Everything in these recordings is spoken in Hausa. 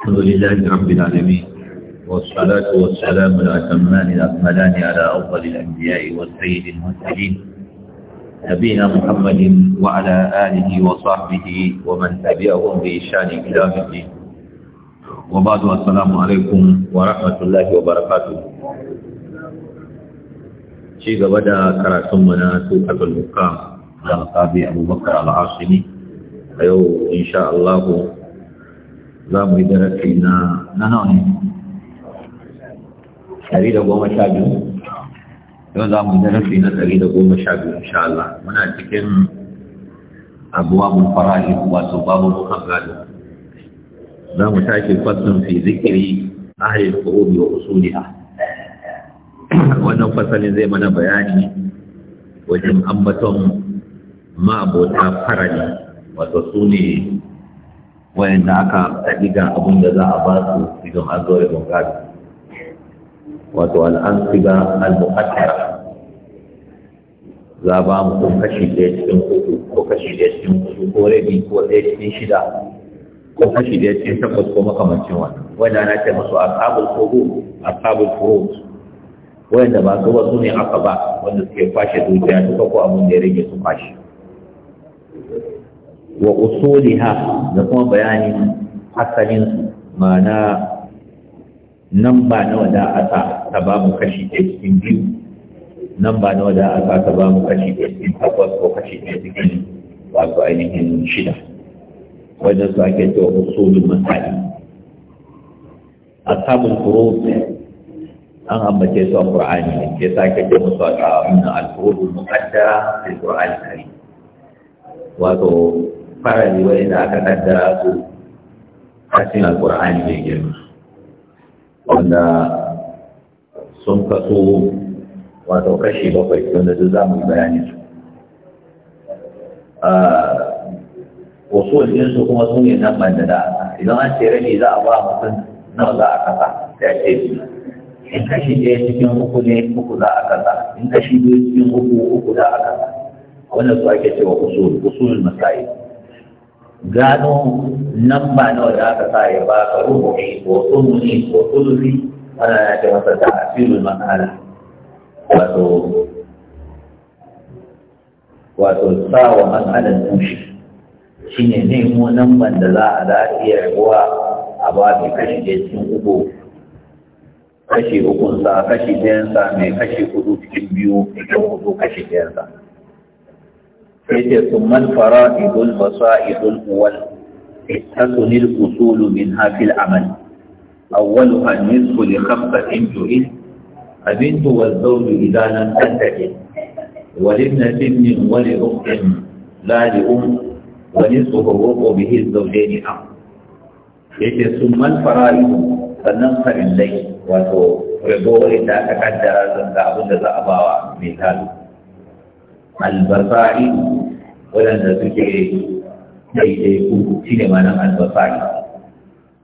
الحمد لله رب العالمين والصلاة والسلام الأتمان الأكملان على أفضل الأنبياء والسيد المرسلين نبينا محمد وعلى آله وصحبه ومن تبعهم بإشان إلى الدين وبعد السلام عليكم ورحمة الله وبركاته شيخ بدأ كراتمنا سوقة المقام على أبو بكر العاصمي أيوه إن شاء الله za mu yi darasi na na nawa ne ɗari da goma sha biyu yau za mu yi darasi na ɗari da goma sha biyu Sha Allah muna cikin abuwa mun yi wato babu mukan gado za mu tashi fasin fi zikiri ahli al-qurub wa usuliha wannan fasalin zai mana bayani wajen ambaton ma'abota farani wato su ne da aka tafi ga abin da za a ba su idan an zo yawan gado wato al'ansiba al-muqaddara za ba mu ko kashi ɗaya cikin kudu ko kashi ɗaya cikin kudu ko rabi ko ɗaya cikin shida ko kashi ɗaya cikin takwas ko makamancin wannan wanda na ce masu ashabul kogo ashabul furut wanda ba su ba su ne aka ba wanda suke kwashe dukiya duka ko abin da ya rage su kwashe wa usuliha da kuma bayanin asalin ma'ana nan ba nawa da aka ta mu kashi ɗaya cikin biyu nan ba nawa da aka ta mu kashi ɗaya cikin takwas ko kashi ɗaya cikin wato ainihin shida wajen su ake cewa usulul masali ashabul furud an ambace su a qur'ani ne ke sa ake cewa musu a abin al-furud al-muqaddara fil qur'ani wato farali wa'inda aka kaddara su a cikin alkur'ani mai girma wanda sun kaso wato kashi bakwai wanda duk za mu yi bayani su wasu su kuma sun yi nan ban da idan an ce rabi za a ba mutum nawa za a kasa da ya ce in kashi ɗaya cikin uku ne uku za a kasa in kashi biyu cikin uku uku za a kasa wannan su ake cewa usul usul masail gano nan ba nawa da aka sa ya ba ka ne ko ne ko sulusi wanda ya ce masa da asirul mas'ala wato wato sawa mas'alan tushe shi ne nemo nan ban da za a za ya rabuwa a ba mai kashi ke cikin uku kashi hukunsa, kashi ɗayansa mai kashi hudu cikin biyu cikin hudu kashi ɗayansa yace summan fara'idul masa'idul uwal tasun al-usul min hafil amal awwaluha nisfu li in ju'il abintu wal-zawj idha lam tantahi wa libnati min wa li ukhtin la li um wani nisfu huququ bihi zaune ni am yace summan fara'idu sannan farillai wato rabo da aka kaddara sun ga abin da za a bawa mai gado albasari waɗanda suke ku shi ne manan albasari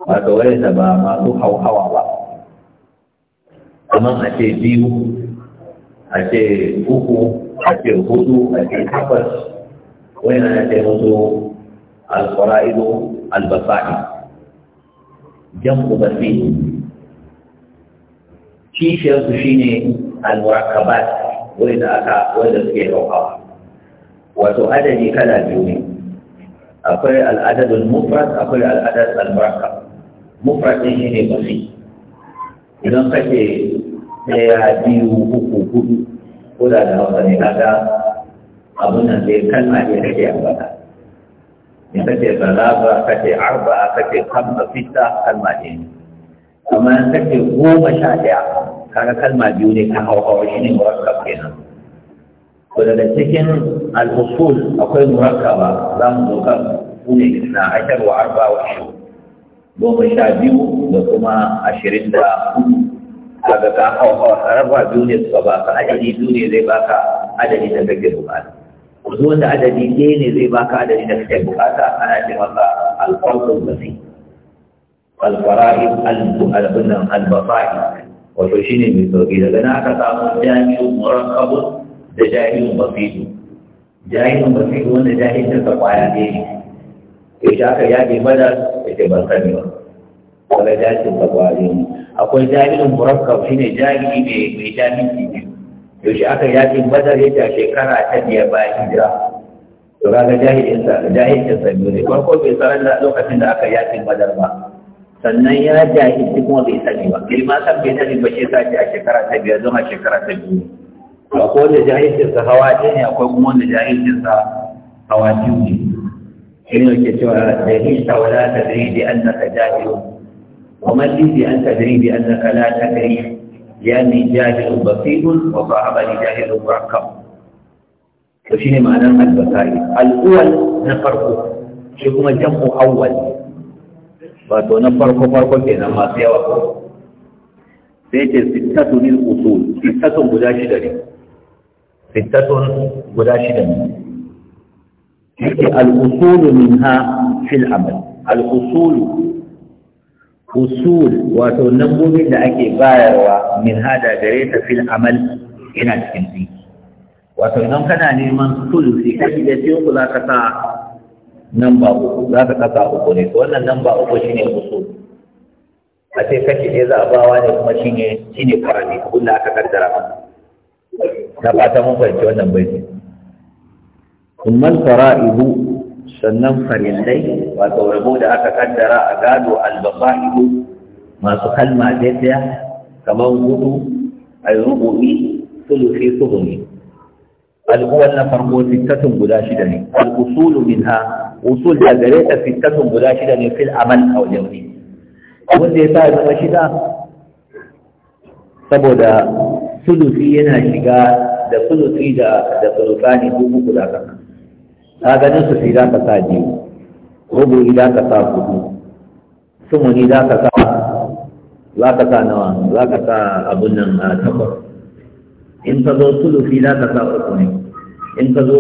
wato waɗanda ba masu hauhawa ba kamar a ce biyu a ce uku a ce hudu a ce takwas waɗanda na ce musu alfara'ido albasari jam'u basiri kishiyarsu shi ne almurakabat wurin da aka wanda suke hauhawa wato adadi kala biyu ne akwai al'adadun mufrad akwai al'adad al-murakkab mufrad ne shine mafi idan kake ɗaya biyu uku hudu ko da da hausa ne kaga abun nan sai kalma ne kake ambata in kake salaba kake arba, kake kamsa fita kalma ne amma in kace goma sha ɗaya kaga kalma biyu ne kan hauhawa shi ne murakkab kenan Kuma daga cikin al-usul akwai murakkaba za mu zo kan ne na ashar wa arba wa shu goma sha biyu da kuma ashirin da hudu kaga ka hauhawa arba biyu ne suka ba ka adadi biyu ne zai baka adadi da kake bukata zo wanda adadi ɗaya ne zai baka adadi da kake bukata ana ce maka al-farqul basi al-fara'id al-bunan al-basa'id wato shi ne mai sauƙi daga na aka samu jami'in murakabun da jami'in basiru jami'in basiru wanda jami'in ta kwaya ne ne ya shi aka yaƙi madar ya ce ban sani ba daga jami'in ta kwaya ne akwai jami'in murakab shi ne jami'i mai jami'in ne ya shi aka yaƙi madar ya ce shekara ta biyar bayan hijira to kaga jahilin sa jahilin sa ne farko bai sanar lokacin da aka yaƙi madar ba sannan ya jahilci kuma bai sani ba bai ma san bai sani ba shi sa a shekara ta biyar zuwa shekara ta biyu akwai wanda jahilcinsa hawa ɗaya ne akwai kuma wanda jahilcinsa hawa biyu ne shi ne ke cewa jahilta wala ta zai da an naka jahilu ومن لي أن تدري بأنك لا تدري يعني جاهل بسيط وصاحب لجاهل مركب وشين معنى البصائر الأول نفرقه شكما جمع awwal wato na farko farko kenan masu yawa ko sai ce sittatun lil usul sittatun guda shida ne sittatun guda shida ne yake al usul minha fil amal al usul wato nambobin da ake bayarwa min hada gare ta fil amal ina cikin wato idan kana neman sulusi kashi da cikin ku za ka sa Namba uku za ka kasa uku ne to wannan namba uku shine musu a ce kashi ɗaya za a bawa ne kuma shine shine farami abin da aka kaddara ba. na fata mun fahimci wannan baiti umman fara'ibu sannan farillai wato rabo da aka kaddara a gado ihu masu kalma daidaya kamar gudu a yi rubu'i sulufi suhuni al'uwal na farko sittatun guda shida ne al'usulu minha usul da gare ta sittatun guda shida ne fil amal a wajen ne abin da ya sa zama shida saboda sulusi yana shiga da sulusi da da sulusani dubu guda kan ka ganin su sai za ka sa biyu rubu'i za ka sa kudu sumuni za ka sa za ka sa nawa za ka sa abun nan a takwas in ka zo sulufi za ka sa uku ne in ka zo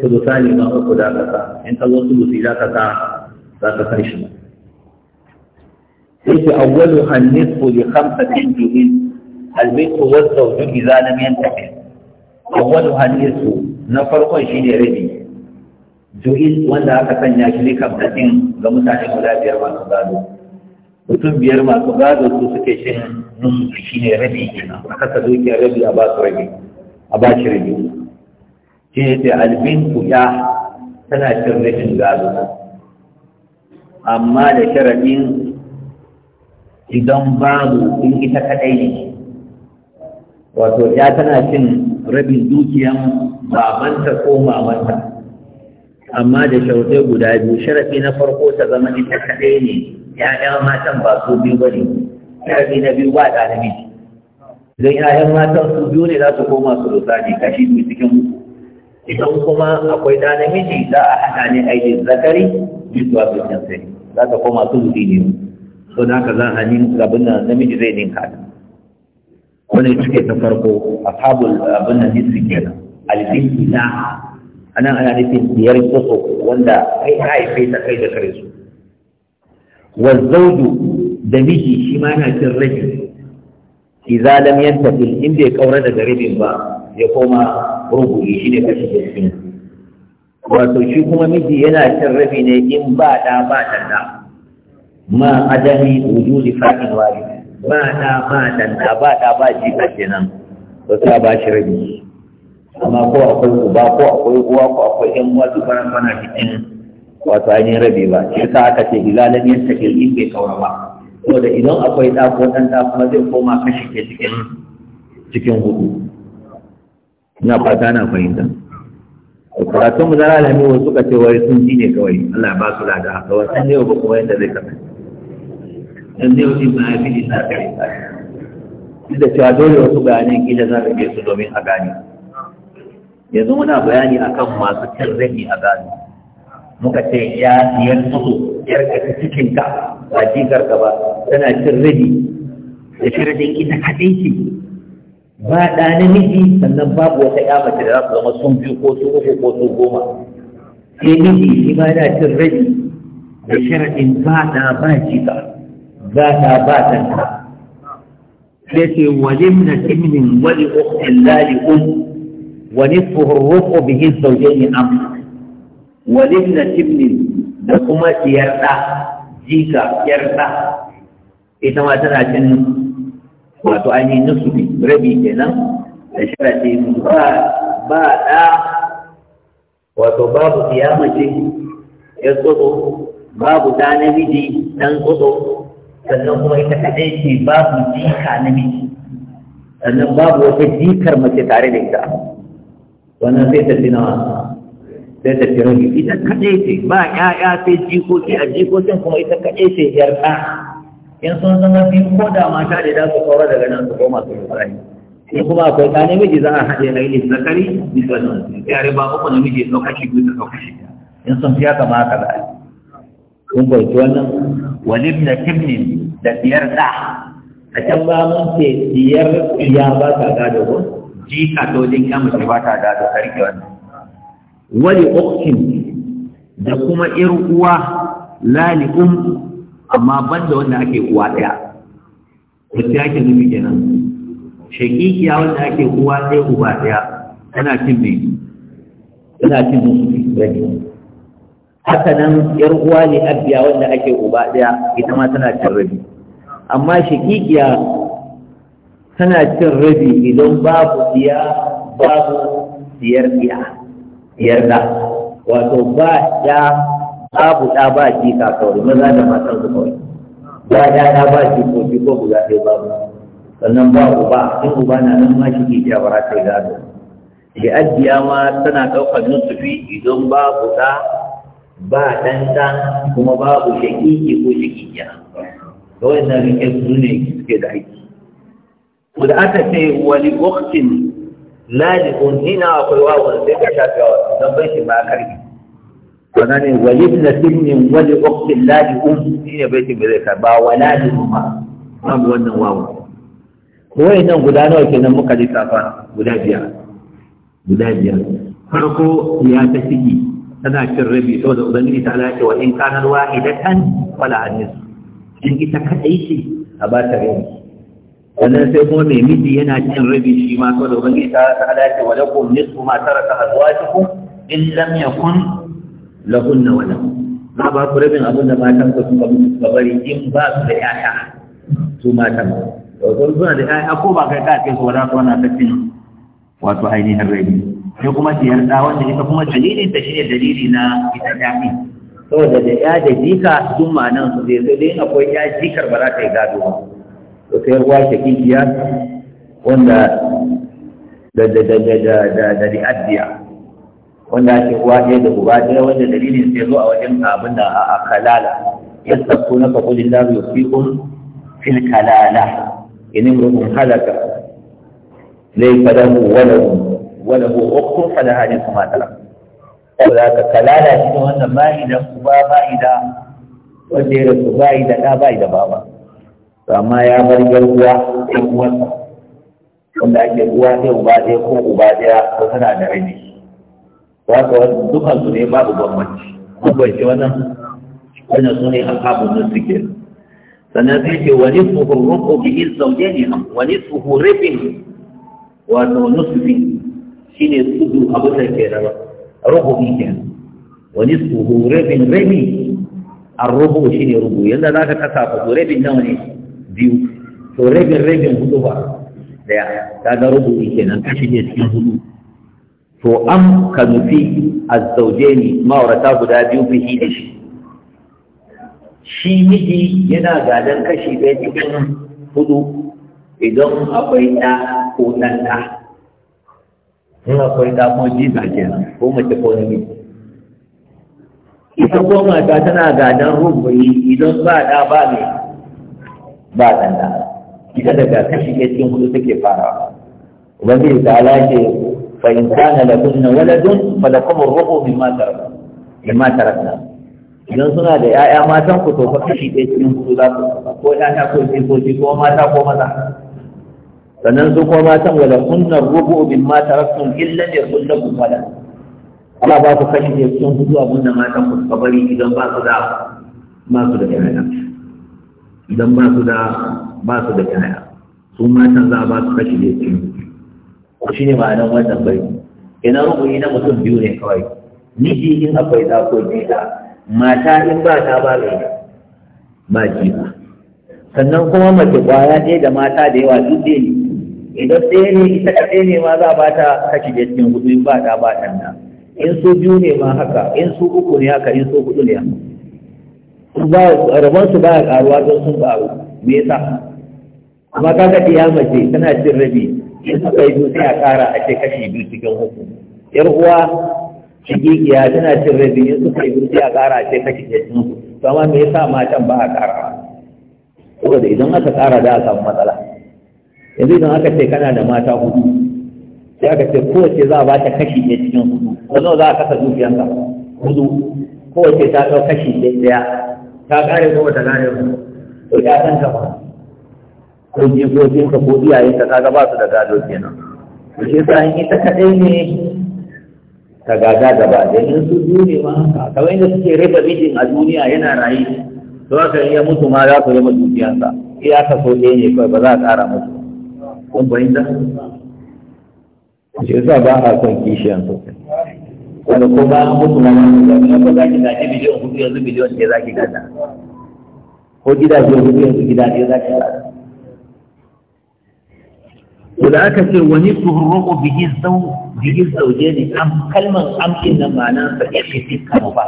sulusani ma uku za ka sa in ka zo sulufi za ka sa za ka sa shi sai awwalu ko li khamsatin juhin albitu wasawju idza lam yantahi awwalu hannisu na farkon shi ne rabi juhin wanda aka sanya shi ne kamsatin ga mutane guda biyar masu gado mutum biyar masu gado su suke cin nusu shi ne rabi kenan aka sa doki rabi a ba su rabi a ba shi rabi shi ne sai ku ya tana cin rabin gado amma da sharaɗin idan babu in ita kaɗai ne wato ya tana cin rabin dukiyan babanta ko mamanta amma da shautai guda biyu sharafi na farko ta zama ita kaɗai ne Ya'yan matan ba su biyu ba ne sharafi na biyu ba da namiji idan ‘ya'yan matan su biyu ne za su koma su rusa ne kashi biyu cikin uku idan kuma akwai da namiji za a haɗa ne aiki zakari bisuwa su can sai za ka koma su rusi ne so na ka za a nin abin nan namiji zai ninka ta wani cike ta farko a ashabul abin nan nisri kenan alifin ina a nan ana nufin biyar tsotso wanda kai haife ta kai da kare su wazzaudu da miji shi ma yana cin rabi idza lam yantafi in bai kaura daga rabin ba ya koma rubu'i shi ne kashi da shi wato shi kuma miji yana cin rabi ne in ba da ba da ma adami wujudi fa'in wari ba da ba da ba da ba ji kenan to ba shi rabi amma ko akwai uba ko akwai uwa ko akwai yan uwa duk ran mana cikin wato ainihin rabi ba shi yasa aka ce hilalan yasta in bai kaura ba saboda idan akwai da ko dan da kuma zai koma kashi ke cikin cikin hudu ina fata na fahimta karatun mu na alhami wasu suka ce wai sun ji ne kawai Allah ba su lada haka sun yau ba kuma yadda zai kasance dan yau wuce ba ya fi ina kai da cewa dole wasu bayanan kila za ka je su domin a gane yanzu muna bayani akan masu tarrahi a gado muka ce ya siyar musu ka ta ka ba jikarka ba tana cin rabi da shirin ita haɗe ce ba ɗa namiji sannan babu wata ya mace da za su zama sun biyu ko su uku ko su goma sai miji shi ma yana cin rabi da shirin ba ɗa ba jika ba ɗa ba tanka sai ce walimna timnin wali ukhtin lali um. ونصفه الرفع به الزوجين أمر ولبن تبن لكما يرضى جيكا يرضى إذا ما تنعشن wato ainihin nusubi rabi kenan da sharafi ba ba ɗa wato babu kiyamace ya tsoro babu ɗa namiji ɗan sannan kuma ita kaɗai ce babu jika namiji sannan babu wata jikar mace tare da ita wannan sai ta fi nawa sai ta fi rage ita kaɗe ce ba ƴaƴa sai jikoki a jikokin kuma ita kaɗe ce yar ɗa in sun zama biyu ko da mata da za su saura daga nan su koma su rufarai sai kuma akwai ɗa namiji za a haɗe na ainihin zakari bisa nan yare ba uku namiji ya ɗauka shi biyu ta ɗauka shi in sun fiya kama haka za a yi kun bauci wannan walib na kimnin da biyar ɗa a can ba mun ce biyar ya ba ta gado ko jika to wajen ya mace ba ta da da sarki wannan wali uktin da kuma ir uwa lali um amma banda wanda ake uwa daya wacce ake nufi kenan shakikiya wanda ake uwa ɗaya uba ɗaya tana cin me tana cin musu rage haka nan yar uwa ne abiya wanda ake uba ɗaya ita ma tana cin rabi amma shakikiya tana cin rabi idan babu biya babu diyar diya diyar da wato ba ya babu da ba ji ka kawai maza da matan su kawai ba ya da ba shi ko ji ko guda sai babu sannan babu ba in uba na nan ma shi ke jabara sai gado da ajiya ma tana ɗaukar nusufi idan babu da ba ɗan ɗan kuma babu shaƙiƙi ko shaƙiƙiya kawai na rike su ne suke da aiki to da aka ce wali waqtin la li unhina akwai wawun sai ka shafi wa dan bai shi ba karbi wannan ne na ibnatin wani wali waqtin la li unhina bai shi ba zai karba wala li umma babu wannan wawun wai nan guda nawa kenan muka ji lissafa guda biyar guda biyar farko ya ta ciki tana cin rabi saboda ubangiji ta lafi wa in kanar wahidatan wala hadis in ita kadai ce a ba ta rabi sannan sai kuma mai miji yana cin rabi shi ma ko da ubangiji ta ta ce wa lakum nisfu ma taraka azwajukum in lam yakun lahunna wala ma ba ku rabin abin da matan ku suka suka bari in ba su da ƴaƴa su matan to kun suna da ƴaƴa ko ba kai ka kai su wala ko na ta cin wato ainihin rabi sai kuma diyar da wanda ita kuma dalilin ta shine dalili na ita ƴaƴa saboda da ya da jika duk nan su zai sai dai akwai ya jikar ba za ta yi gado ba kai ruwa ke shakikiya wanda da da da da da da da wanda ake uwa ɗaya da uba ɗaya wanda dalilin sai zo a wajen abin da a kalala yasafu na faƙulin da yusikum fil kalala in imru'un halaka laysa lahu waladun wa lahu ukhtun falaha nisfu ma talaka saboda ka kalala shi ne wannan ba idan uba ba da wanda ya rasu ba da ɗa ba da baba to amma ya bar yarwa ɗan uwansa wanda ake ruwa sai uba ɗaya ko uba ɗaya ko tana da raini ba ka wani dukkan su ne babu bambanci bambanci wannan wannan su ne ashabun nan suke sannan sai ke wani suhu rubu bi ne wani suhu rufin wato nusufi ne sudu abu da ke raba rufu bi kenan wani suhu rubin rabi a rubu shine rubu za ka kasa ku rubin nawa ne biyu to rabin rabin hudu ba daya ta ga ne kenan kashi shige cikin hudu to am ka nufi azzaujeni ma'aurata guda biyu fihi da shi shi miji yana gadon kashi ɗaya cikin hudu idan akwai ɗa ko ɗan ɗa in akwai ɗa kuma jiza kenan ko mace ko namiji ita ko mata tana gadon rubuci idan ba ɗa ba mai ba ɗanɗa ita daga kashi ɗaya cikin hudu take farawa ubangiji ta alaƙe fa in kana lakum na waladun fa lakum rubu mimma tarakna mimma tarakna idan suna da ƴaƴa matan ku to fa kashi ɗaya cikin hudu za ku ko ƴaƴa ko jikoki ko mata ko maza sannan su ko matan wala kunna rubu mimma taraktum illa da ku walad Allah ba ku kashi ɗaya cikin hudu abin da matan ku ka bari idan ba su da masu da ƴaƴa idan ba su da ba su da kyaya su matan za a ba su kashi da Ko shi ne nan wannan bai ina rukuni na mutum biyu ne kawai miji in akwai za ko jita mata in ba ta ba mai ba jita sannan kuma mace kwaya ɗaya da mata da yawa duk ɗaya ne idan ɗaya ne ita ɗaya ne ma za a ba ta kashi da cikin hudu in ba ta ba ɗan in su biyu ne ma haka in su uku ne haka in su hudu ne haka rabonsu ba a karuwa don sun ƙaru me yasa amma ga kiyama ce tana cin rabi in suka yi dutse a kara a ce kashi biyu cikin uku yar uwa shigigiya tana cin rabi in suka yi dutse a kara a ce kashi biyu cikin uku to amma me yasa matan ba a kara da idan aka kara da a samu matsala yanzu idan aka ce kana da mata hudu sai aka ce kowace za a ba ta kashi biyu cikin hudu wani za a kasa dukiyanka hudu kowace ta ɗau kashi ɗaya ta kare ko ta kare ba to ya san ta ba ko ji ka ko iyayen ka kaga ba su da gado kenan to shi yasa in ita kadai ne ta gada gaba da in su biyu ne ma haka kamar da suke raba mijin a duniya yana rayi to aka yi mutu ma za su raba dukiyansa iya ka so ɗaya ne kawai ba za a ƙara mutu kun da shi yasa ba a son kishiyan sosai wanda ko ba mutu ma wani zaɓi na ko za ki gaji miliyan hudu yanzu miliyan ɗaya za ki gada ko gidaje hudu yanzu gida ɗaya za ki gada to aka ce wani turruku sau zau bihi zauje ne am kalman am din nan ma'ana sa yake fiska ba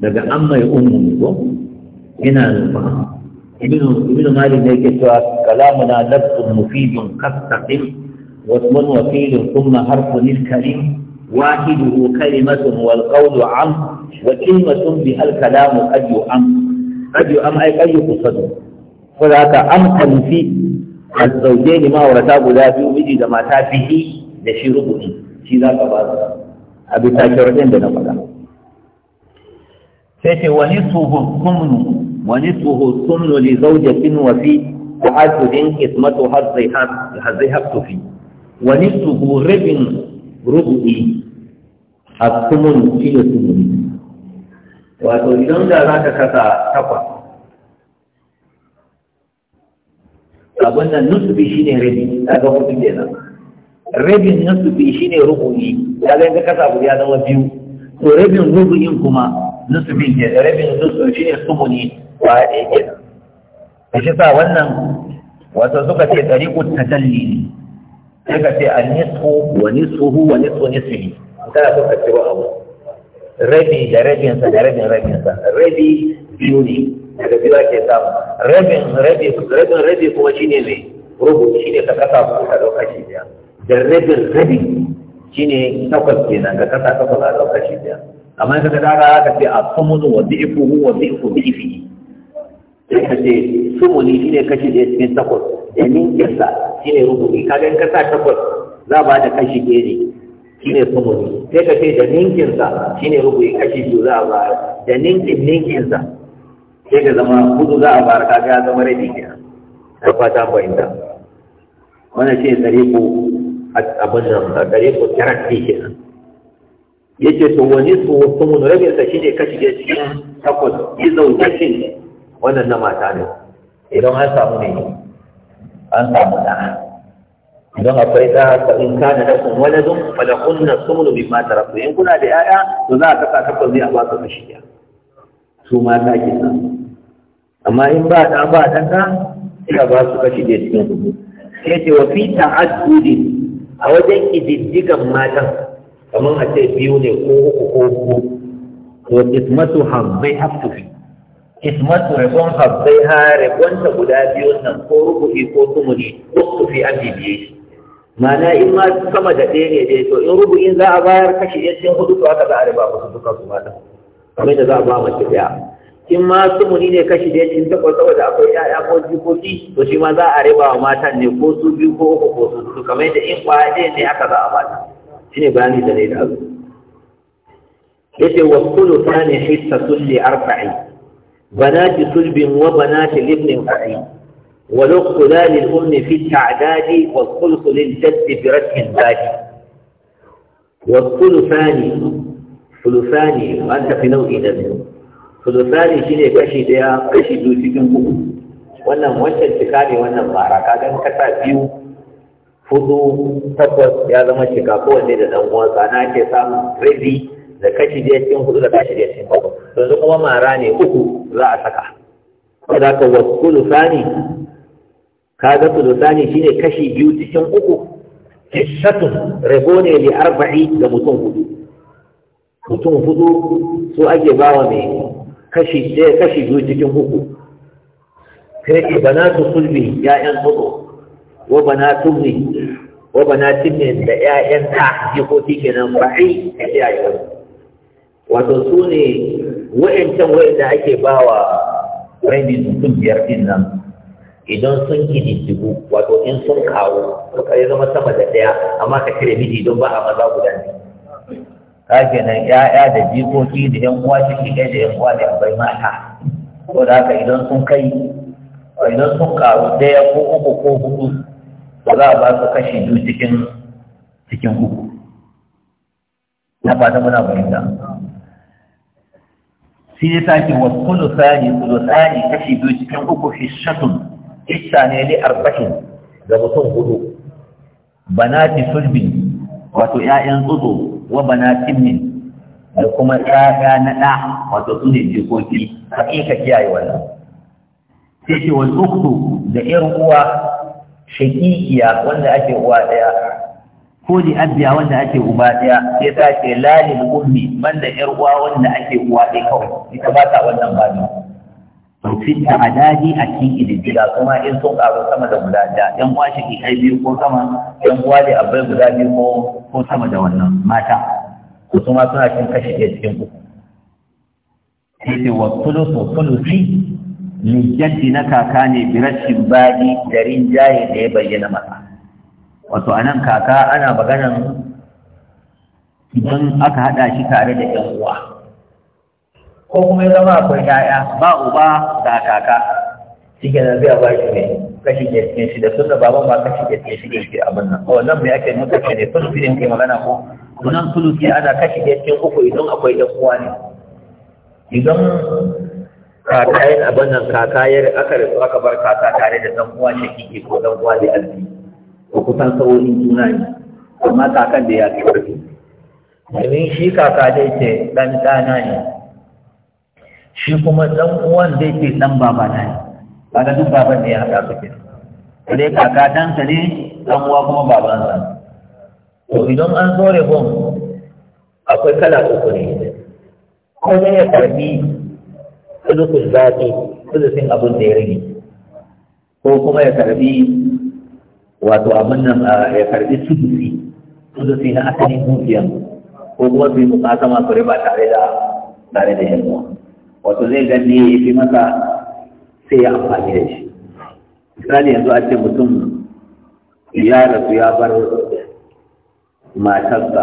daga am mai ummu ko ina nufa ibnu ibnu malik ne yake cewa kalamuna lafzun mufidun kastaqim wa ismun wakilun thumma harfun kalim واحده كلمة والقول عم وكلمة بها الكلام قد يؤم قد يؤم أي قد يقصد فذاك أم تنفي الزوجين ما ورتاب لا في وجد ما تافه لشربه shi za ka ba su a bisa kyaurin da na faɗa sai wani tsoho sumnu wani tsoho sumnu li zaujatin wa fi ismatu har zai fi wani rubu'i a sumun shi ne sumuni wato idan da za ka kasa takwas abin nan nusufi shi ne rabi daga hudu kenan rabin nusufi shi ne rubu'i zai yanzu kasa abu ya zama biyu to rabin rubu'in kuma nusufin ke rabin nusufi shi ne sumuni ba ɗaya kenan ka shi sa wannan wato suka ce ɗariƙun ta ne sai ka ce a nisu, wa nisu hu, wa nisu nisfu nisfihi kana so ka ciro abu rabi da rabinsa da rabin rabinsa rabi biyu ne daga biyu ake samu rabin rabi rabin rabi kuma shine mai rubu ne, ka kasa ku ka ɗauka shi biya da rabin rabi shine takwas kenan ka kasa takwas a dauka shi biya amma ka ga daga ka ce a samunu wa hu wa dhifu dhifihi sai ka ce sumuni shi ne kashi ɗaya cikin takwas da eh, ninkinsa shi ne rubuɗi kaga in ka sa takwas za ba da kashi ɗaya ne shi ne sumuni sai ka ce da ninkinsa shi ne rubuɗi kashi biyu za a ba da ninkin ninkinsa sai ka zama hudu za a ba kaga ya zama rabi ne. ka fata fahimta wannan shi ne tsariku abin nan tsariku ke nan yace to wani su wasu mun rabinsa shi ne kashi ɗaya cikin takwas izau jashin wannan na mata ne idan an samu ne an samu ɗa idan akwai ɗa ka in ka da na nasu waladun falakun na sumunu bin mata rafu in kuna da 'ya'ya to za a kasa takwas ne a ba su kashi ɗaya su mata ke nan amma in ba ɗa ba ɗan ɗa sai ba su kashi ɗaya cikin rubu sai ce wa fi ta'addudi a wajen ƙididdigan matan kamar a ce biyu ne ko uku ko uku to it ismatu hazzai haftufi ismatu rabon habbai ha rabonta guda biyu nan ko rubu'i ko tumuni ko fi an bibiye shi Mana in ma sama da ɗaya ne dai to in rubu'in za a bayar kashi ɗaya cikin hudu to haka za a riba musu duka su mata kamar da za a ba mace ɗaya in ma sumuni ne kashi ɗaya cikin takwas saboda akwai ƴaƴa ko jikoki to shi ma za a riba wa matan ne ko su biyu ko uku ko su hudu kamar da in ƙwaya ɗaya ne haka za a ta shi ne bayani da ne da abu yace wa kullu tani hissatun li arba'in بنات صلب وبنات لابن فعي ولق ولقلا للأم في التعداد والخلق للجد في برسم البادي والثلثان ثلثان وأنت في نوع نبي ثلثان شيء كشي ديا كشي دو cikin uku وانا wancan cika وانا مباركا mara كتا بيو فضو sa يا زمان takwas ya zama سانا kowanne da da kashi biyar cikin hudu da kashi biyar cikin bakwai yanzu kuma mara ne uku za a saka saboda ka wasu lusani su lusani shine kashi biyu cikin uku kishatun rabo ne li arba'i da mutum hudu mutum hudu su ake bawa mai kashi ɗaya kashi biyu cikin uku kai ke su sulbi ya'yan hudu wa na sulbi wa bana ne da 'ya'yan ta jikoki kenan ba'i da iyayen wato su ne wa'ancan wa'anda ake ba wa rabi sun biyar din nan idan sun kididdigu wato in sun kawo suka yi zama sama da ɗaya amma ka cire miji don ba a maza guda ne ka kenan ya'ya da jikoki da yan uwa ciki ɗaya da yan uwa da bai mata ko da haka idan sun kai idan sun karu ɗaya ko uku ko hudu ba za a ba su kashi biyu cikin cikin uku na fata muna fahimta shi ya sake wa sulusani sulusani kashi biyu cikin uku hishatun hisha ne li arba'in ga mutum hudu banati sulbin wato 'ya'yan tsutsu wa banatin min da kuma tsaka na ɗa wato su ne jikoki hakika kiyaye wannan sai ce wal da ƴar uwa shakikiya wanda ake uwa ɗaya ko li abiya wanda ake uba daya sai ta ce lalil ummi banda yar uwa wanda ake uwa dai kawai ita ba ta wannan ba ne to fitta adadi a cikin ididdiga kuma in sun karu sama da guda da yan uwa shi kai biyu ko sama yan uwa da abai guda biyu ko ko sama da wannan mata ko kuma suna cin kashi ɗaya cikin uku sai ce wa sulusu sulusi jaddi na kaka ne birashin baɗi da jaye da ya bayyana masa wato a nan kaka ana maganan idan aka haɗa shi tare da ‘yan uwa ko kuma ya zama akwai ‘ya'ya ba uba da kaka shi ke nan zai ba shi ne kashi ke cikin shi da sun da baban ba kashi ke cikin shi ke cikin abin nan o nan mai ake nuka ce ne sun fiye ke magana ko sunan suluki ana kashi ke cikin uku idan akwai ɗan uwa ne idan kaka yin abin nan kaka ya aka rasu aka bar kaka tare da ɗan uwa shi ke ko ɗan uwa zai arziki ko kusan saurin juna ne amma kakan da ya fi ƙarfi domin shi kaka dai ce ɗan ɗana ne shi kuma ɗan uwan zai ce ɗan baba na ne kaga duk baban ne ya haɗa su ke dai kaka ɗansa ne ɗan uwa kuma babansa to idan an zo rehon akwai kala uku ne ko ne ya karbi sulusun zafi sulusun abin da ya rage ko kuma ya karbi wato abin nan ya karbi sudusi sudusi na asalin dukiyan ko kuma su yi bukata masu riba tare da tare da yankuwa wato zai gani ya fi masa sai ya amfani da shi misali yanzu a ce mutum ya rasu ya bar matarsa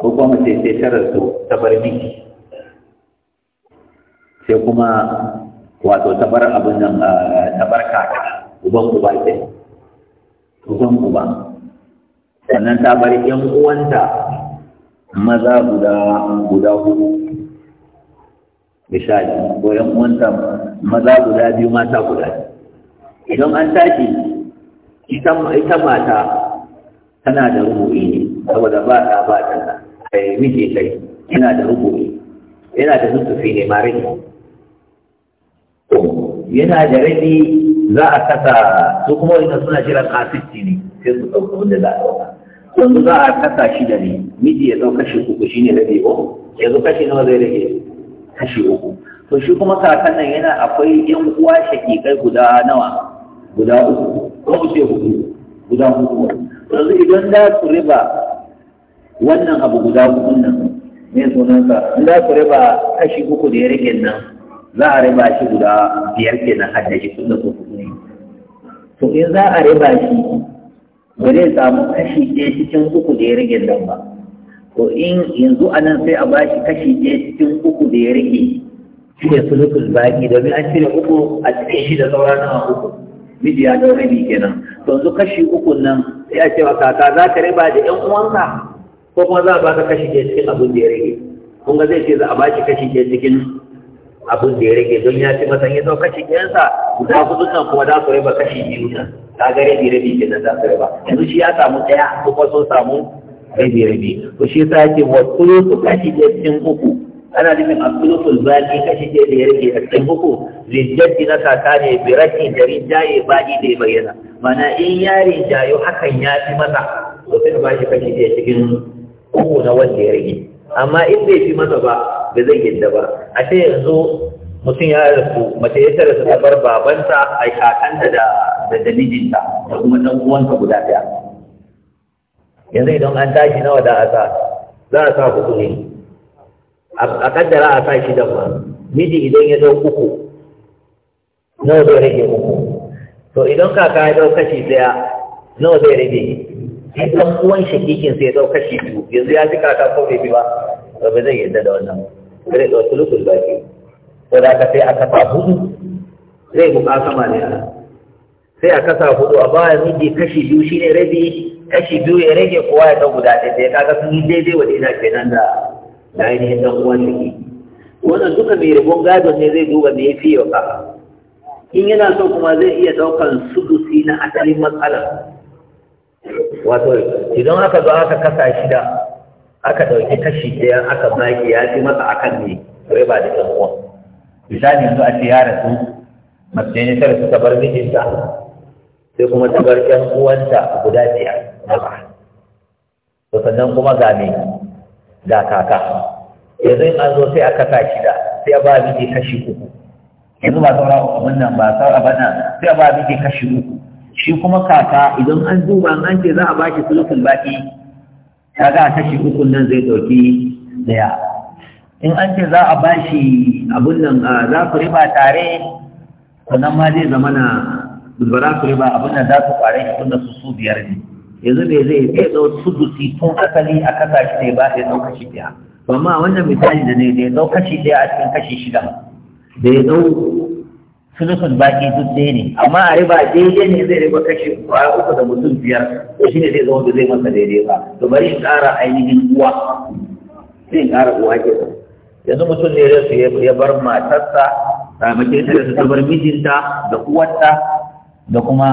ko kuma mace sai ta rasu ta bar miki sai kuma wato ta bar abin nan ta bar kaka uban uba ce uban ba sannan ta bari yan uwanta maza guda guda hudu misali ko yan uwanta maza guda biyu mata guda idan an tashi ita mata tana da rubu'i ne saboda ba ta ba ta kai miji kai yana da rubu'i yana da nutufi ne ma rai yana da rabi za a kasa su kuma wani suna ran asisti ne sai su ɗauka wanda za a ɗauka yanzu za a kasa shi da ne miji ya zo kashi uku shi ne da biyu uku yanzu kashi nawa zai rage kashi uku to shi kuma kakan nan yana akwai yan uwa shakikai guda nawa guda uku ko ce hudu guda uku yanzu idan za su riba wannan abu guda uku nan ne sunansa idan za su riba kashi uku da ya rage nan za a riba shi guda biyar ke na shi tun da kuku ne to in za a riba shi ba zai samu kashi ɗaya cikin uku da ya rage nan ba to in yanzu a nan sai a ba shi kashi ɗaya cikin uku da ya rage shi ne sulutul baƙi domin an cire uku a cikin shi da sauran nawa uku miji ya ɗau rabi kenan to yanzu kashi uku nan sai a wa kaka za ka riba da ƴan uwanka ko kuma za a ba ka kashi ɗaya cikin abin da ya rage kun ga zai ce za a ba shi kashi ɗaya cikin abin da ya rage don ya ci masan ya kashi ɗansa guda kudu kan kuma za su raba kashi biyu nan ka ga rabi rabi ke nan za su raba yanzu shi ya samu ɗaya kuma sun samu rabi rabi Ko shi yasa ce wa su kashi ɗaya cikin uku ana nufin a su zaki kashi ɗaya da ya rage a cikin uku lijjaddi na kaka ne birati da rinjaye baɗi da ya bayyana mana in ya rinjayo hakan ya fi masa to sai ba shi kashi ɗaya cikin uku na wanda ya rage amma in bai fi masa ba ba zai yadda ba a ce yanzu mutum ya rasu mace ya tara su bar babanta a kakanta da da mijinta da kuma ɗan uwanka guda daya yanzu idan an tashi nawa da a sa za a sa hudu ne a kaddara a sa shi da ma miji idan ya dau uku nawa zai rage uku to idan kaka ya dau kashi daya nawa zai rage in ɗan uwan shakikin sai ya dau kashi biyu yanzu ya ji kaka kawai bai ba ba zai yadda da wannan zai ɗau lukul baki ko da ka sai a kasa hudu zai ma ne a sai a kasa hudu a baya miji kashi biyu shine rabi kashi biyu ya rage kowa ya ta guda ɗaya sai kaga sun yi daidai wa ina kenan da da ainihin ɗan uwan ciki wannan duka mai ribon gado ne zai duba me fi yau ka in yana so kuma zai iya ɗaukan sudusi na asalin matsalar wato idan aka zo aka kasa shida aka ɗauki kashi ɗaya aka baki ya fi masa akan ne to ba da ɗan uwa misali yanzu a ce ya rasu mace ne tare suka bar mijinta sai kuma ta bar ɗan uwanta guda biyar maza to sannan kuma ga me ga kaka yanzu in an zo sai a kasa shida sai a ba miji kashi uku yanzu ba saura abin nan ba saura bana sai a ba miji kashi uku shi kuma kaka idan an duba an ce za a ba shi sulhul baki kaga a kashi uku nan zai dauki daya in an ce za a bashi abun nan za ku riba tare sannan ma zai zama na dubara ku riba abun nan za ku kware shi tun su su biyar ne yanzu me zai zai ɗau sudusi tun asali a shi ne ba sai ɗau kashi daya amma wannan misali da ne zai ɗau kashi ɗaya a cikin kashi shida da ya dau sulusun baki duk dai ne amma a riba daidai ne zai riba kashe kwaya uku da mutum biyar shi shine zai zama da zai masa daidai ba to bari in ƙara ainihin uwa zai in ƙara uwa ke yanzu mutum ne ya ya bar matarsa a mace ta ta bar mijinta da uwarta da kuma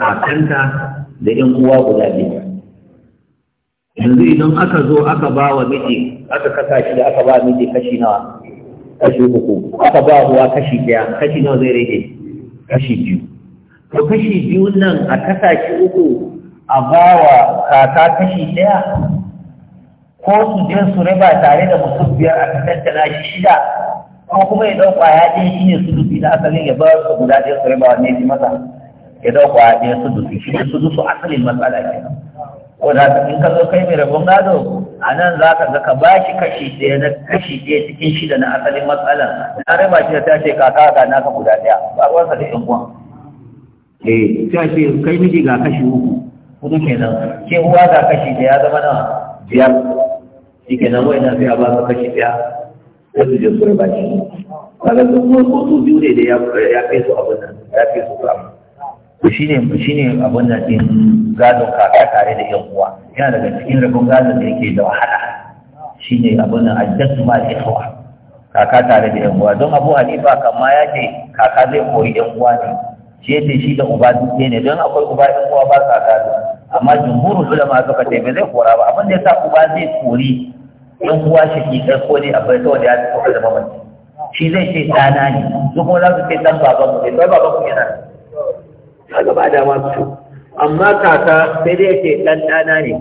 kakanta da yan uwa guda biyu yanzu idan aka zo aka ba wa miji aka kasa shi da aka ba miji kashi nawa kashi uku aka ba ruwa kashi ɗaya kashi nawa zai rage kashi biyu to kashi biyu nan a kasashe uku a ba wa kaka kashi ɗaya ko su je su raba tare da mutum biyar a tattala shi shida ko kuma ya ɗau ya ɗaya shi ne dubi na asalin ya ba su guda ɗaya su raba wa ne shi masa ya ɗau ya ɗaya dubi? shi ne sudufi asalin matsala kenan wadda in ka zo kai mai rabon gado a nan za ka ga ka ba shi kashi ɗaya na kashi ɗaya cikin shida na asalin matsalan na raba shi da ta ce kaka ga naka guda ɗaya ba sa da ƴan uwa. eh ta ce kai miji ga kashi uku hudu kenan ke uwa ga kashi da ya zama na biyar shi kenan wai na biya ba ka kashi ɗaya wasu je su raba shi kaga sun ko su biyu ne da ya fi su abin nan ya fi su samu shi ne shi ne abin da din gadon kaka tare da yan uwa yana daga cikin rabon gadon da yake da wahala shi ne abin da addatu ma da yawa kaka tare da yan uwa don abu hanifa kama ya ce kaka zai koyi yan uwa ne shi ya ce shi da uba duk ne don akwai uba yan uwa ba sa gado amma jumhurin ulama suka ce bai zai kora ba abin da ya sa uba zai kori yan uwa shi kai ko ne abin kawai da ya tsoka da mamaci shi zai ce ɗana ne duk wani za su ce ɗan babanmu ne ɗan babanmu yana kaga ba dama su amma kaka sai dai ce dan dana ne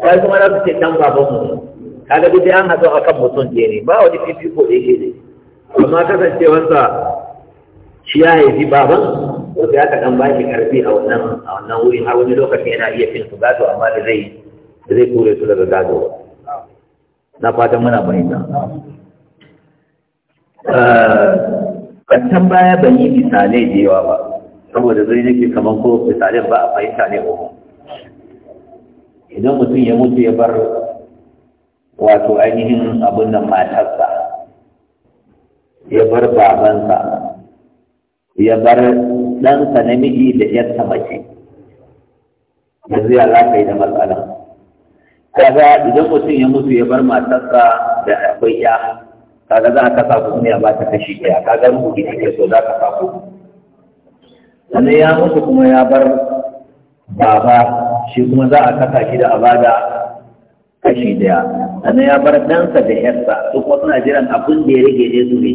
sai kuma za ɗan ce dan baban mu kaga duk an haɗu akan mutum ɗaya ne ba wani fifiko da yake ne amma kasancewarsa shi ya haifi baban ko sai aka dan baki karfi a wannan a wannan wurin har wani lokaci yana iya fin su gado amma da zai da zai kure su daga gado na fatan muna fahimta eh, kan baya ban yi misalai da yawa ba saboda zai nake kamar ko misalin ba a fahimta ne uku idan mutum ya mutu ya bar wato ainihin abin nan matarsa ya bar babansa ya bar ɗansa namiji da ‘yarsa mace yanzu ya yi da matsala kaga idan mutum ya mutu ya bar matarsa da akwai ya kaga za a kasa kuɗi ne a ba ta kashi ɗaya kaga rubuki take so za ka kasa kuɗi. sannan ya mutu kuma ya bar baba shi kuma za a kasa shi da abada kashi daya sannan ya bar ɗansa da yarsa su kuma suna jiran abin da ya rage ne su ne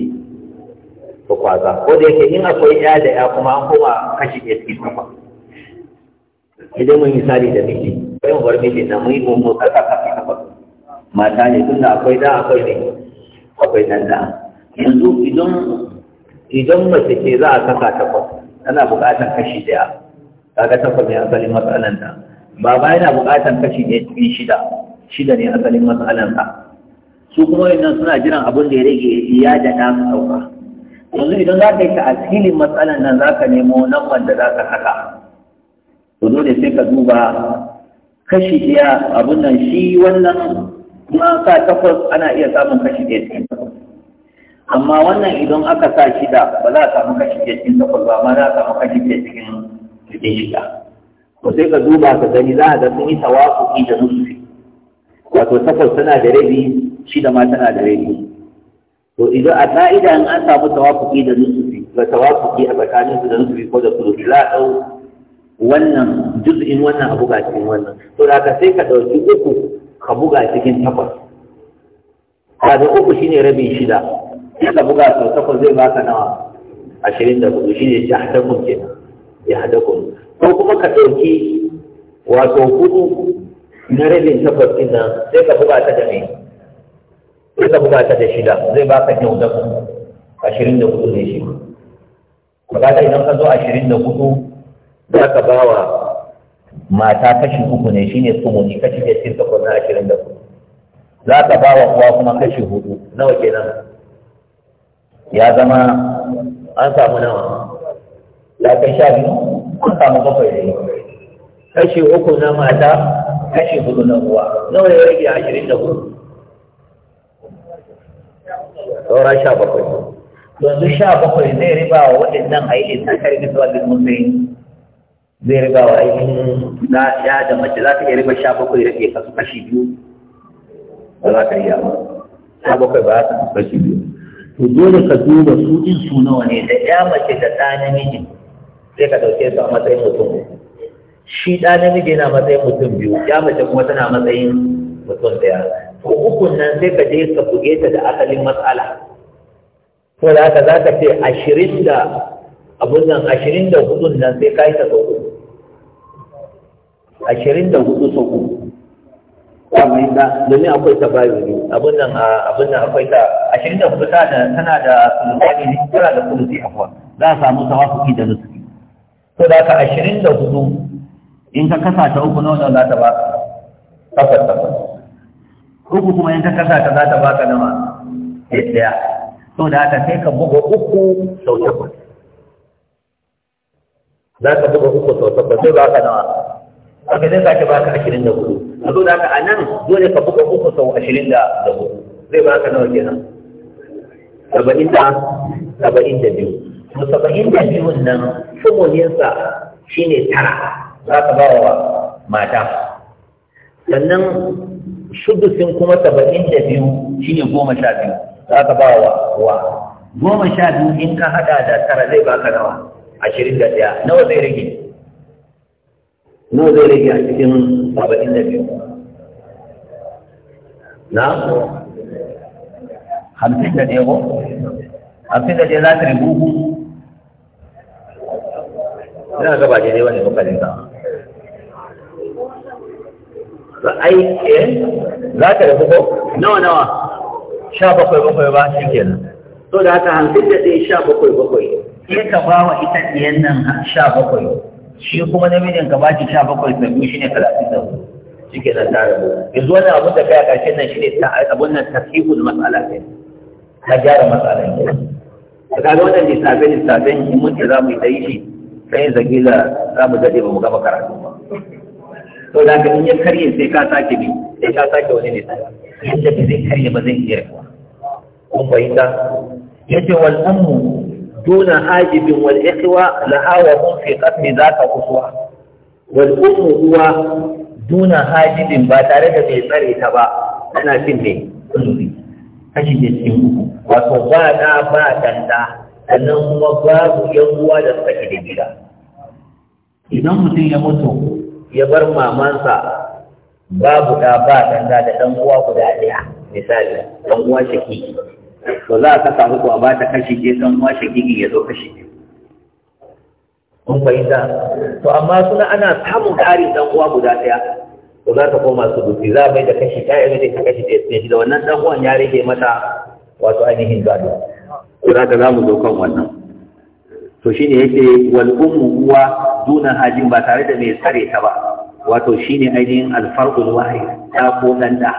su kwaza ko da yake in akwai ya da ya kuma an koma kashi ɗaya cikin kafa idan mun misali da miji bai mu bar miji na mu yi mu kasa kafa kafa mata ne da akwai da akwai ne akwai nan da yanzu idan idan mace ce za a kasa kafa ana buƙatar kashi ɗaya kaga takwas ne asalin matsalan ta baba yana buƙatar kashi ɗaya cikin shida shida ne asalin matsalan ta su kuma yanzu suna jiran abin da ya rage ya da na su sauka yanzu idan za ka yi ta asilin matsalan nan za ka nemo nan wanda za ka saka to dole sai ka duba kashi ɗaya abin nan shi wannan kuma ka takwas ana iya samun kashi ɗaya cikin takwas amma wannan idan aka sa shida ba za a samu kashi ke cikin takwas ba amma za a samu kashi ke cikin cikin shida to sai ka duba ka gani za a ga sun yi tawafuki da nufi wato takwas tana da rabi shida ma tana da rabi to idan a ka'ida in an samu tawafuki da nufi ba tawafuki a tsakanin su da nufi ko da sulusi za a ɗau wannan juz'in wannan a buga cikin wannan to da ka sai ka ɗauki uku ka buga cikin takwas da uku shine rabin shida ya ka buga sau takwas zai baka nawa ashirin da hudu shi ne ya kun kenan ya kun ko kuma ka ɗauki wato hudu na rabin takwas ɗin nan sai ka buga ta da mai sai ka buga ta da shida zai baka kyau da ashirin da hudu ne shi ba ka idan ka zo ashirin da hudu za ka ba wa mata kashi uku ne shine tsumuni kashi ne sirka ko na ashirin da hudu za ka ba wa kuma kashi hudu nawa kenan ya zama an samu nawa ya kai sha biyu an samu bakwai ne kashi uku na mata kashi hudu na uwa nawa ya rage ashirin da hudu saura sha bakwai yanzu sha bakwai zai riba wa waɗannan aiki na karfi zuwa da musulmi zai riba wa ainihin na ya da mace za ta iya riba sha bakwai rage kasu kashi biyu ba za ka iya ba sha bakwai ba za ta kashi biyu to dole ka duba su din su nawa ne da ɗaya mace da ɗa namiji sai ka ɗauke su a matsayin mutum shi ɗa namiji yana matsayin mutum biyu ya mace kuma tana matsayin mutum ɗaya to ukun nan sai ka je ka buge ta da asalin matsala ko da haka za ka ce ashirin da abun nan ashirin da hudun nan sai ka yi ta ashirin da hudu kamar da domin akwai ta bayo ne abin nan abin nan akwai ta ashirin da hudu tana da tana da sulusani ne tana da sulusi afwa za a samu sawa tawafuki da nusuki to da ka ashirin da hudu in ka kasa ta uku nawa nawa za ta ba takwas takwas uku kuma in ka kasa ta za ta ba ka nawa ɗaya to da haka sai ka buga uku sau takwas za ka buga uku sau takwas sai ba ka nawa aka zai sake ka ashirin da hudu a zo da haka a nan dole ka buga uku sau ashirin da hudu zai ba ka nawa kenan saba'in da saba'in da biyu to saba'in da biyun nan shi shine tara za ka ba wa mata sannan shudusin kuma saba'in da biyu shine goma sha biyu za ka ba wa wa goma sha biyu in ka hada da tara zai ba ka nawa ashirin da ɗaya nawa zai rage nawa zai rage a cikin saba'in da biyu na hamsin da ɗaya ko hamsin da ɗaya za ta rigu ina gaba ne wani kokarin ka yi ke za ta rigu ko nawa nawa sha bakwai bakwai ba shi kenan to da haka hamsin da ɗaya sha bakwai bakwai sai ka ba wa ita ɗiyan nan sha bakwai shi kuma namijin ka baki sha bakwai sabbi shi ne talatin da hudu shi ke nan tare yanzu wannan abin da kai a ƙarshen nan shi ne abin nan tafihul matsala ne ta gyara matsala ne ta kaga wannan lissafe lissafe in mun ce za mu yi ta yi shi sai yin zagila za mu daɗe ba mu gama karatu ba to da ka in ya karye sai ka sake bi sai ka sake wani ne yadda ba zai karye ba zai iya rikuwa kun fahimta yace wal ummu دون حاجب والإخوة لها وهم في قتل ذات أسوة والأم هو دون حاجب باتارك في بيطري تبا أنا كني أزوي أجد السمو وتبانا باتنا أنهم وباب يوم da suka ke gida idan mutum ya mutu ya bar mamansa babu da ba danda da dan uwa guda daya misali to za a kasa muku a ba ta kashi ke don uwa shakiki ya zo kashi ne. kun fahimta to amma suna ana samun ƙari dan uwa guda ɗaya to za ta koma su dutse za a bai da kashi ɗaya ne ta kashi ɗaya sai da wannan dan uwan ya rage mata wato ainihin gado to za ka za mu zo kan wannan to shine yake wal ummu uwa duna hajin ba tare da mai tsare ta ba wato shine ainihin alfarqul wahid ta ko ɗanɗa.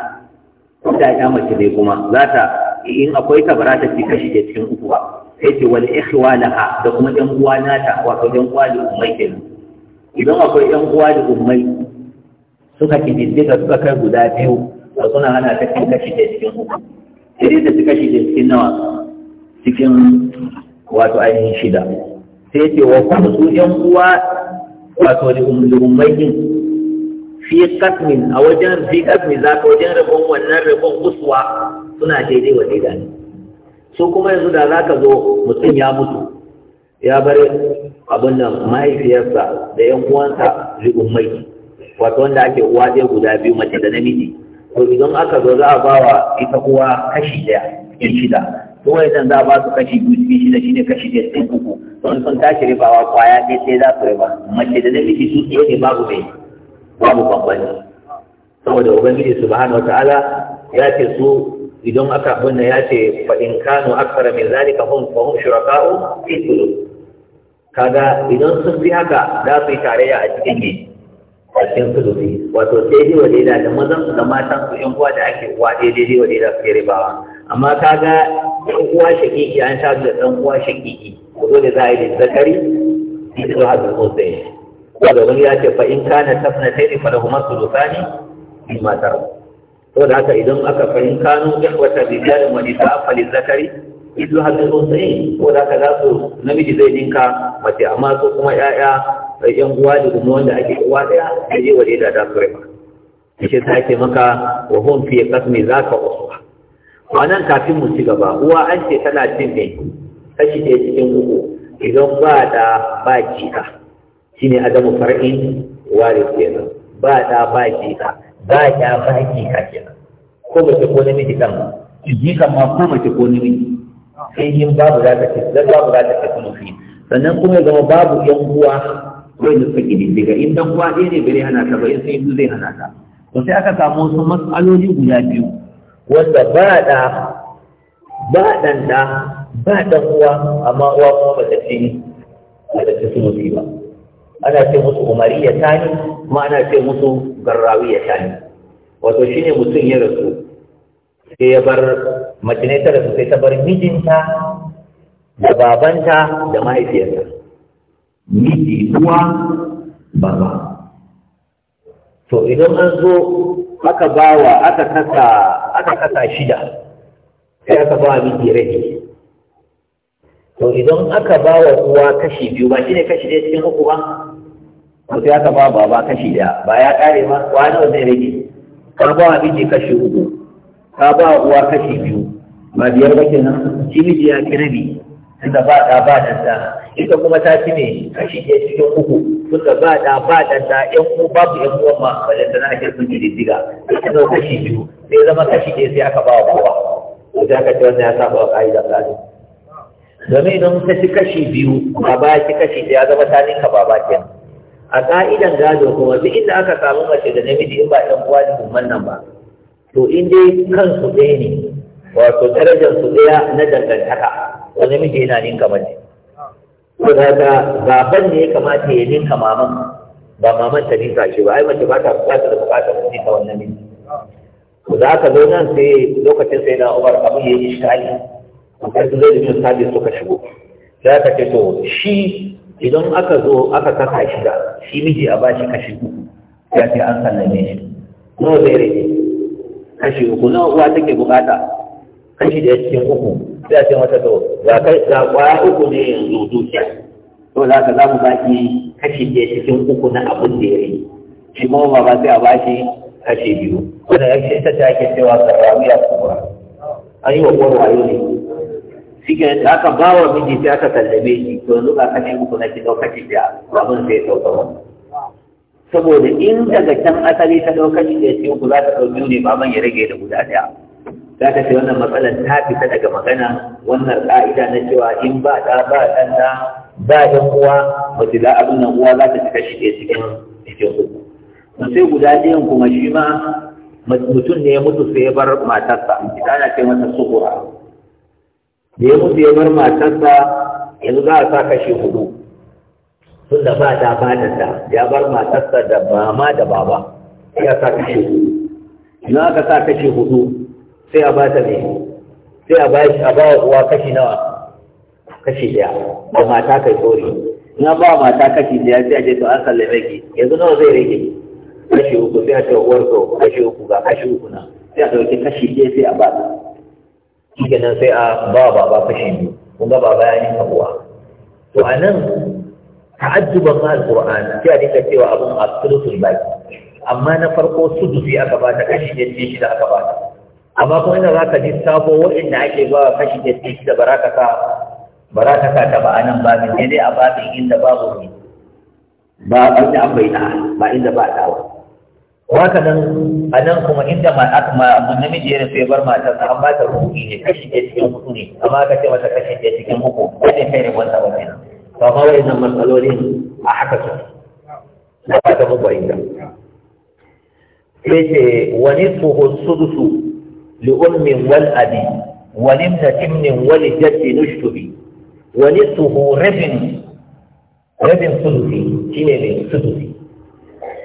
da ta ya mace ne kuma za ta in akwai ta bara ta ci kashi da cikin uku wani yace wal laha da kuma ɗan uwa na ta, wato ɗan uwa da umai ke idan akwai ɗan uwa da umai suka kididdiga suka kai guda biyu da suna hana ta cin kashi da cikin ukuwa. sai da ta kashi da cikin nawa cikin wato ainihin shida sai ce wa kuma su ɗan uwa wato da umai um-, din fi kasmin a wajen fi kasmin za ka wajen rabon wannan rabon uswa suna daidai wa daida ne su kuma yanzu da za ka zo mutum ya mutu ya bar abin nan mahaifiyarsa da yan uwansa mai wato wanda ake uwa zai guda biyu mace da namiji to idan aka zo za a ba wa ita uwa kashi ɗaya cikin shida to wai za a ba su kashi biyu cikin shida shine kashi ɗaya cikin uku don sun tashi ribawa kwaya ɗaya sai za su riba mace da namiji su ɗaya ne babu mai babu bambanci saboda ubangiji subhanahu wataala ya ce su idan aka abin ya ce faɗin in kanu akthara mai zalika ka hun fahun shuraka'u fi kullu kaga idan sun fi haka za su yi tarayya a cikin ne a cikin sulubi wato sai dai wa daidai da mazan su da matan su yan uwa da ake uwa daidai dai wa daidai su ke ribawa amma kaga yan uwa shakiki an sha da dan uwa shakiki ko dole za a yi da zakari sai su hadu sosai da wani ya ce fa in kana tafna sai ne fa lahumar sulusani bi matar saboda haka idan aka fahim kanu ikhwata rijalin wa nisa fa zakari idu hadin usayi saboda haka za su namiji zai ninka mace amma ko kuma yaya eh, yan uwa da kuma wanda ake uwa daya da je waje da da sura shi ta ake maka wa hum fi qasmi zaka uswa wannan kafin mu ci gaba uwa an ce tana cin ne kashi ɗaya cikin uku idan ba da ba jika shine adamu far'in wari kenan ba da ba jika za a ya ba hakika kenan ko mace ko namiji kan ba ji kan ma ko mace ko namiji sai yin babu za ta ce zan babu za ta ce kuma fi sannan kuma ya zama babu yan uwa wai da suka gidi daga in dan uwa ɗaya ne bare hana ta ba in sai zai hana ta to sai aka samu wasu matsaloli guda biyu wanda ba da ba dan da ba dan uwa amma uwa kuma ba ta ce ba ta ce fi ba ana ce musu umariya tani kuma ana ce musu garrawi ya ni. wato shine mutum ya rasu sai ya bar macinai ta rasu sai ta bar mijinta da babanta da mahaifiyarta miji uwa baba to idan an zo aka bawa aka kasa aka kasa shida sai aka bawa miji rage to idan aka bawa uwa kashi biyu ba shine kashi ɗaya cikin uku ba ko sai aka ba baba kashi ɗaya. ba ya kare ma wani wanda ya rage ka ba wa miji kashi uku ka ba uwa kashi biyu ba biyar ba kenan shi miji ya kirbi tunda ba ɗa ba ɗan da ita kuma ta ci ne kashi ɗaya cikin uku tunda ba ɗa ba ɗan da ƴan ku babu ƴan uwan ma ba da na ake sun kididdiga ita zo kashi biyu sai zama kashi ɗaya sai aka ba wa kowa ko da aka ce wannan ya saba wa ka'ida tsari domin idan ta ci kashi biyu ba ba ci kashi ɗaya zama ta ninka ba ba kenan a ka'idan gado kuma duk inda aka samu mace da namiji in ba ɗan uwa da kumman nan ba to in dai kansu ɗaya ne wato darajar su ɗaya na dangantaka ko namiji yana ninka mace ko da ka baban ne ya kamata ya ninka maman ba maman ta ninka shi ba ai mace ba ta buƙata da buƙatar ta ninka wannan miji ko da aka zo nan sai lokacin sai na umar abu ya yi shi kali a ƙarfi zai da cin sabis suka shigo za ka ce to shi idan aka zo aka kasa da shi miji a bashi kashi uku ya ce an sallame shi nawa zai rage kashi uku nawa uwa take bukata kashi da cikin uku sai a ce mata to ga kai ga kwaya uku ne yanzu dukiya to za ka za mu baki kashi da cikin uku na abin da ya rage shi kuma ba ba sai a bashi kashi biyu wanda ya ce ita ta ke cewa sarrawiya kubra an yi wa kowa ne shi ke aka ba wa miji sai aka sallame shi to yanzu ka kashe muku na ki ɗaukaci da abin sai ya sauka wannan saboda in daga can asali ta ɗaukaci da ya ku za ta ɗauki ne baban ya rage da guda ɗaya za ka ce wannan matsalar ta fita daga magana wannan ƙa'ida na cewa in ba ɗa ba ɗan ba ɗan uwa mace za a nuna uwa za ta ci kashi ɗaya cikin cikin uku sai guda ɗayan kuma shi ma mutum ne ya mutu sai ya bar matarsa ita ana ce masa suhura da ya mutu ya bar matarsa yanzu za a sa kashe hudu tun da ba da ba ya bar matarsa da mama da baba ya sa kashe hudu na aka sa kashe hudu sai a ba ta ne sai a ba a ba wa uwa kashi nawa kashi daya da mata kai tsori na ba mata kashi daya sai a je to an sallame ki yanzu nawa zai rage kashi uku sai a ce uwar to kashi uku ga kashi uku na sai a ɗauki kashi ɗaya sai a ba ta shi nan sai a ba baba kashi biyu kuma ga baba ya yanka to a nan ta'adduban ma alquran sai a dinga cewa abun sulusul baki amma na farko sudusi aka ba ta kashi ne ce shida aka ba ta amma kuma inda zaka ji sabo wa'inda ake ba kashi ne ce shida baraka ka baraka ka ta ba anan babin ne dai a babin inda babu ne ba inda an bai ba inda ba dawo waka nan a nan kuma inda ma aka ma namiji yana sai bar matar an ba ta rubuki ne kashi ɗaya cikin hudu ne amma aka ce mata kashi ɗaya cikin ko ne kai ne wanda ba na to amma wani nan matsalolin a haka su na ba ta muku inda sai ce wani tsohon sudusu min wal abi wani natimnin wani jaddi nushtubi wani tsohon rabin rabin sudusi shine mai sudusi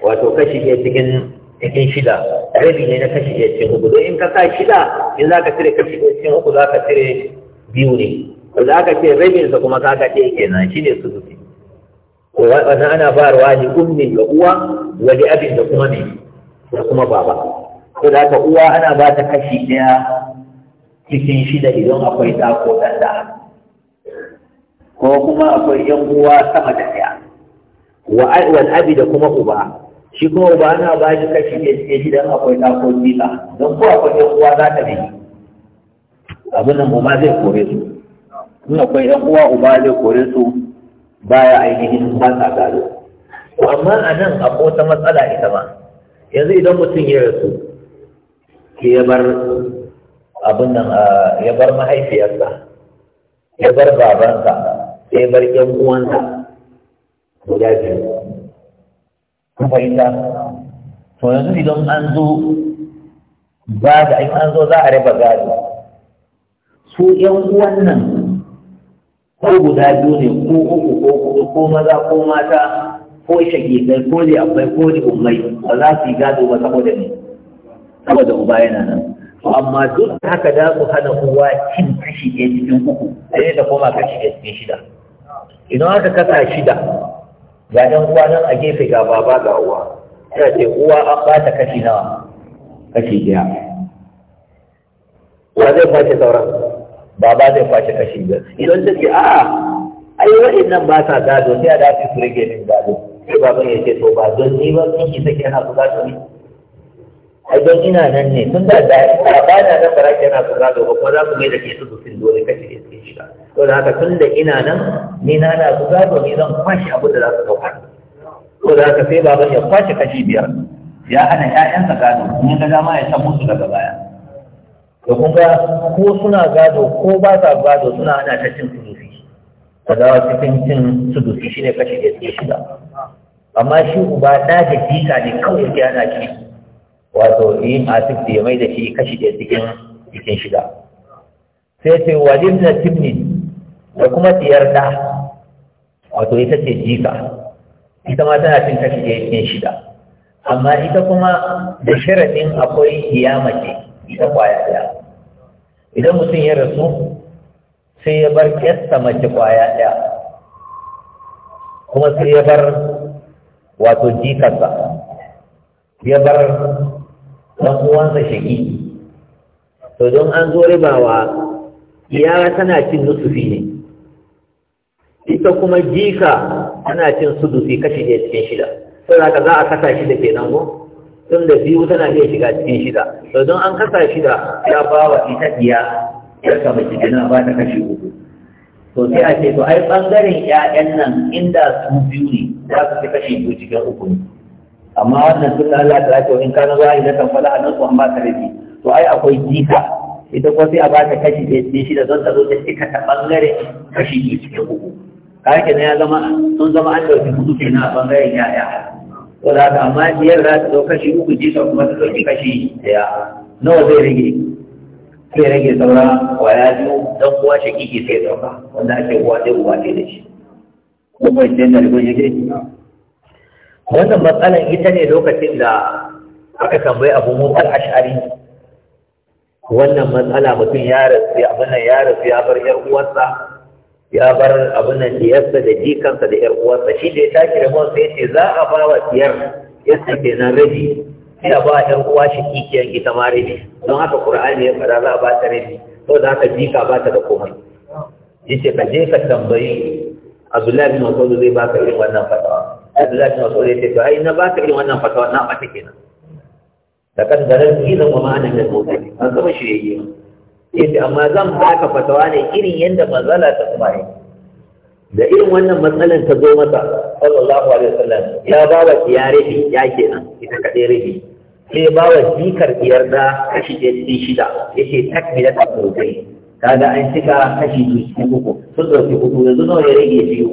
wato kashi ke cikin cikin shida rabi ne na kashi ɗaya cikin uku don in ka sa shida in za ka cire kashi ɗaya cikin uku za ka cire biyu ne za ka ce rabi sa kuma za ka ce kenan shi ne su zuci wannan ana farawa ne ummin ga uwa wani abin da kuma ne da kuma baba ko da ka uwa ana ba ta kashi ɗaya cikin shida idan akwai ɗa ko ɗan ko kuma akwai yan uwa sama da ɗaya Wa abi da kuma uba shi kuma ba na ba shi kashi ne shi don akwai ɗakon nila don ko akwai yan uwa za ta bi abin nan ma zai kore su in akwai yan uwa uba zai kore su baya ainihin ba sa gado amma a nan akwai wata matsala ita ma yanzu idan mutum ya rasu ke ya bar abin nan ya bar mahaifiyarsa ya bar babansa ya bar yan uwansa guda biyu kun fahimta to yanzu idan an zo ba da in an zo za a raba gado su ƴan uwan nan ko guda biyu ne ko uku ko huɗu ko maza ko mata ko shagigai ko da akwai ko da umai ba za su yi gado ba saboda ne saboda uba yana nan to amma duk da haka za ku hana uwa cin kashi ɗaya cikin uku sai da koma kashi ɗaya cikin shida idan aka kasa shida ga ɗan uwa nan a gefe ga baba ga uwa ya ce uwa an ba ta kashi nawa kashi biya. uwa zai kwace sauran baba zai kwace kashi biyar idan ta ce a'a ai waɗannan ba sa gado sai a dafi su rage min gado sai baban ya ce to ba don ni ba sun ki sake yana su gado ne ai don ina nan ne tun da da ba na nan bara ke na kaza ba kuma za ku mai da ke su sun dole ka ne cikin shiga to da haka tun da ina nan ni na da su za ni zan kwashi abu da za su dauka to da haka sai baban ya kwashi kashi biyar ya hana ƴaƴansa gado in ga dama ya san musu daga baya da kun ga ko suna gado ko ba sa gado suna ana ta cin sudufi kaza cikin cin sudufi shine kashi ne cikin shiga amma shi uba da jika ne kawai ya na ke. wato yin asibiti ya mai da shi kashi ɗaya cikin cikin shida sai ce wajen na timni da kuma tsiyar wato ita ce jika ita ma tana cin kashi ɗaya cikin shida amma ita kuma da sharaɗin akwai mace ita kwaya ɗaya idan mutum ya rasu sai ya bar ƙyasta mace kwaya ɗaya kuma sai ya bar wato jikarsa ya bar ɗan uwansa shahidi to don an zo ribawa yara tana cin nutsufi ne ita kuma jika tana cin su sudufi kashi ɗaya cikin shida sau da za a kasa shida ke nan tun da biyu tana iya shiga cikin shida to don an kasa shida ya ba wa ita iya ya kama cikina ba ta kashi uku to sai a ce to ai ɓangaren 'ya'yan nan inda su biyu ne za su fi kashi biyu cikin uku ne amma wannan na Allah ta ce in kana yi idan kan fada nan su an ba ta rabi to ai akwai jika ita kuma sai a ba ta kashi ɗaya sai da zan ta zo ta cika ta bangare kashi biyu cikin uku kake na ya zama sun zama an ɗauki hudu kenan a bangaren yaya to da haka amma biyar za ta zo kashi uku jika kuma ta ɗauki kashi ɗaya nawa zai rage sai rage saura kwaya biyu don kuwa kike sai sauka, wanda ake uwa sai uwa ke da shi ko bai sai da rigon yake wannan matsalan ita ne lokacin da aka tambayi abu mutar ashari wannan matsala mutum ya rasu ya abin ya rasu ya bar yar uwarsa ya bar abunan diyarsa da jikansa da yar uwarsa shi da ya tashi da mawarsa ya ce za a ba wa diyar yasta ke nan rabi a ba yar uwa shi kikiyan ita ma rabi don haka qur'ani ya fara za a ba ta rabi ko da haka jika ba ta da komai yace ka je ka tambayi abdullahi bin mas'ud zai baka irin wannan fatawa Abdullahi Mas'ud ya ce to ai na baka irin wannan fatawa na bata kenan lakan garar idan wa ma'ana min mutane an zama shirye yace amma zan baka fatawa ne irin yanda mazala ta kuma yi da irin wannan matsalan ta zo masa sallallahu alaihi wasallam ya ba wa ya rabi ya kenan ita kade rabi sai ba wa jikar biyar da kashi ɗaya shida yace takmila ta Kada an cika kashi biyu cikin uku sun ɗauki hudu yanzu nawa ya rage biyu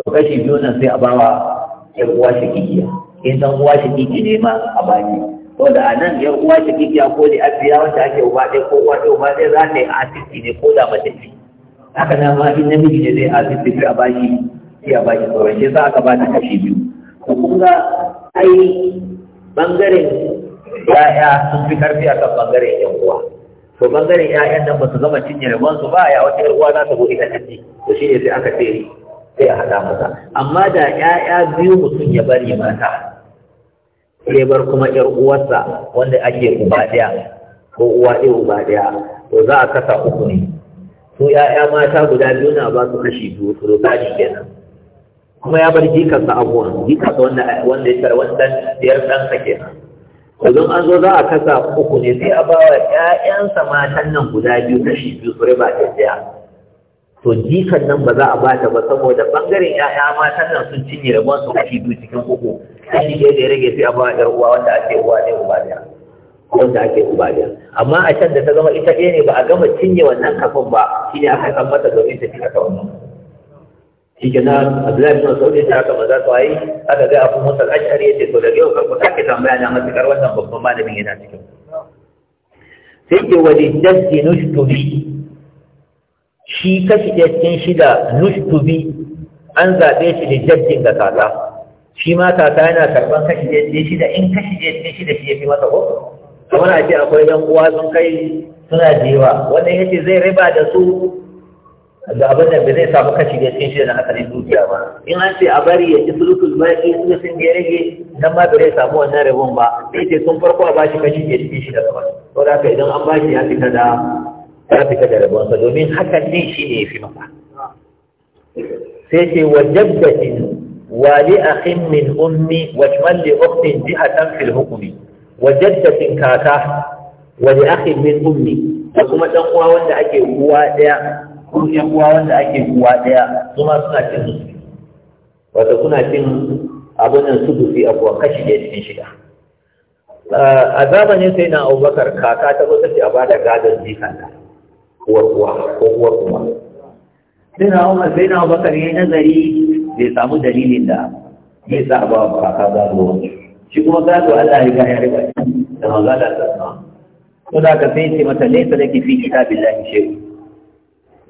to kashi biyu sai a bawa yan uwa shakikiya in san uwa shakiki ne ma a baki ko da anan yan uwa shakikiya ko da abiya wata ake uba ɗaya ko uwa ɗaya uba ɗaya za ta yi asibiti ne ko da mace ce haka na ma in namiji ne zai asibiti a baki a baki tsoron shi za ka ba ta kashi biyu ko kuma ai bangaren ya'ya sun fi karfi akan bangaren yan uwa to bangaren 'ya'yan nan ba su zama cinye rabon su ba ya wata yar uwa za ta gobe ta kace to shi ne sai aka ce sai a haɗa masa amma da 'ya'ya biyu mutum ya bari mata sai bar kuma ƴar uwarsa wanda ake uba ɗaya ko uwa ɗaya uba ɗaya to za a kasa uku ne su 'ya'ya mata guda biyu na ba su kashi biyu su rukani kenan kuma ya bar jikansa abuwan sa wanda ya tarwar ɗan ɗiyar sa kenan idan an zo za a kasa uku ne sai a ba wa ‘ya'yansa matan nan guda biyu kashi biyu su riba ɗaya to jikan nan ba za a bata ba saboda bangaren ƴaƴa matan nan sun cinye da su a biyu cikin uku kashi ke da ya rage sai a ba ƴar uwa wanda ake uwa ne uba ɗaya wanda ake uba ɗaya amma a can da ta zama ita ɗaya ne ba a gama cinye wannan kafin ba shi ne aka san mata domin ta cika ta wannan shi ke nan abdullahi bin saudi ta haka maza su yi aka ga abu musa al'ashari ya ce to daga yau karku sake tambaya na matuƙar wannan babban malamin yana cikin sai ke wajen jaddi nushtubi shi kashi ɗaya cikin shida nushtubi an zaɓe shi da jabjin ga kaka shi ma kaka yana karɓan kashi ɗaya cikin shida in kashi ɗaya cikin shida shi ya fi masa ko kamar a ce akwai ɗan uwa sun kai suna da yawa wannan ya ce zai riba da su da abin da zai samu kashi ɗaya cikin shida na asalin dukiya ba in an ce a bari ya ci sulutul baƙi sulusun sun ya rage nan ma ba zai samu wannan rabon ba sai ce sun farko a bashi kashi ɗaya cikin shida ko da haka idan an bashi ya fita da ya fita da rabonsa domin hakan ne shi ne fi masa sai ce wa jaddatin wali li akhin min ummi wa shmal li ukhtin jihatan fil hukmi wa jaddatin kaka wa li akhin min ummi da kuma dan uwa wanda ake uwa daya ko yan uwa wanda ake uwa daya kuma suna cin wato kuna cin abin nan su dufi abuwa kashi da cikin shiga a zamanin sai na abubakar kaka ta zo ce a bada gadon jikanta uwar uwa ko uwar uwa sai na umar sai na bakar ya nazari zai samu dalilin da ya sa ba kaka gado shi kuma gado Allah ya ga ya da magana ta sama to da ka sai ce mata laysa laki fi kitabillahi shay'un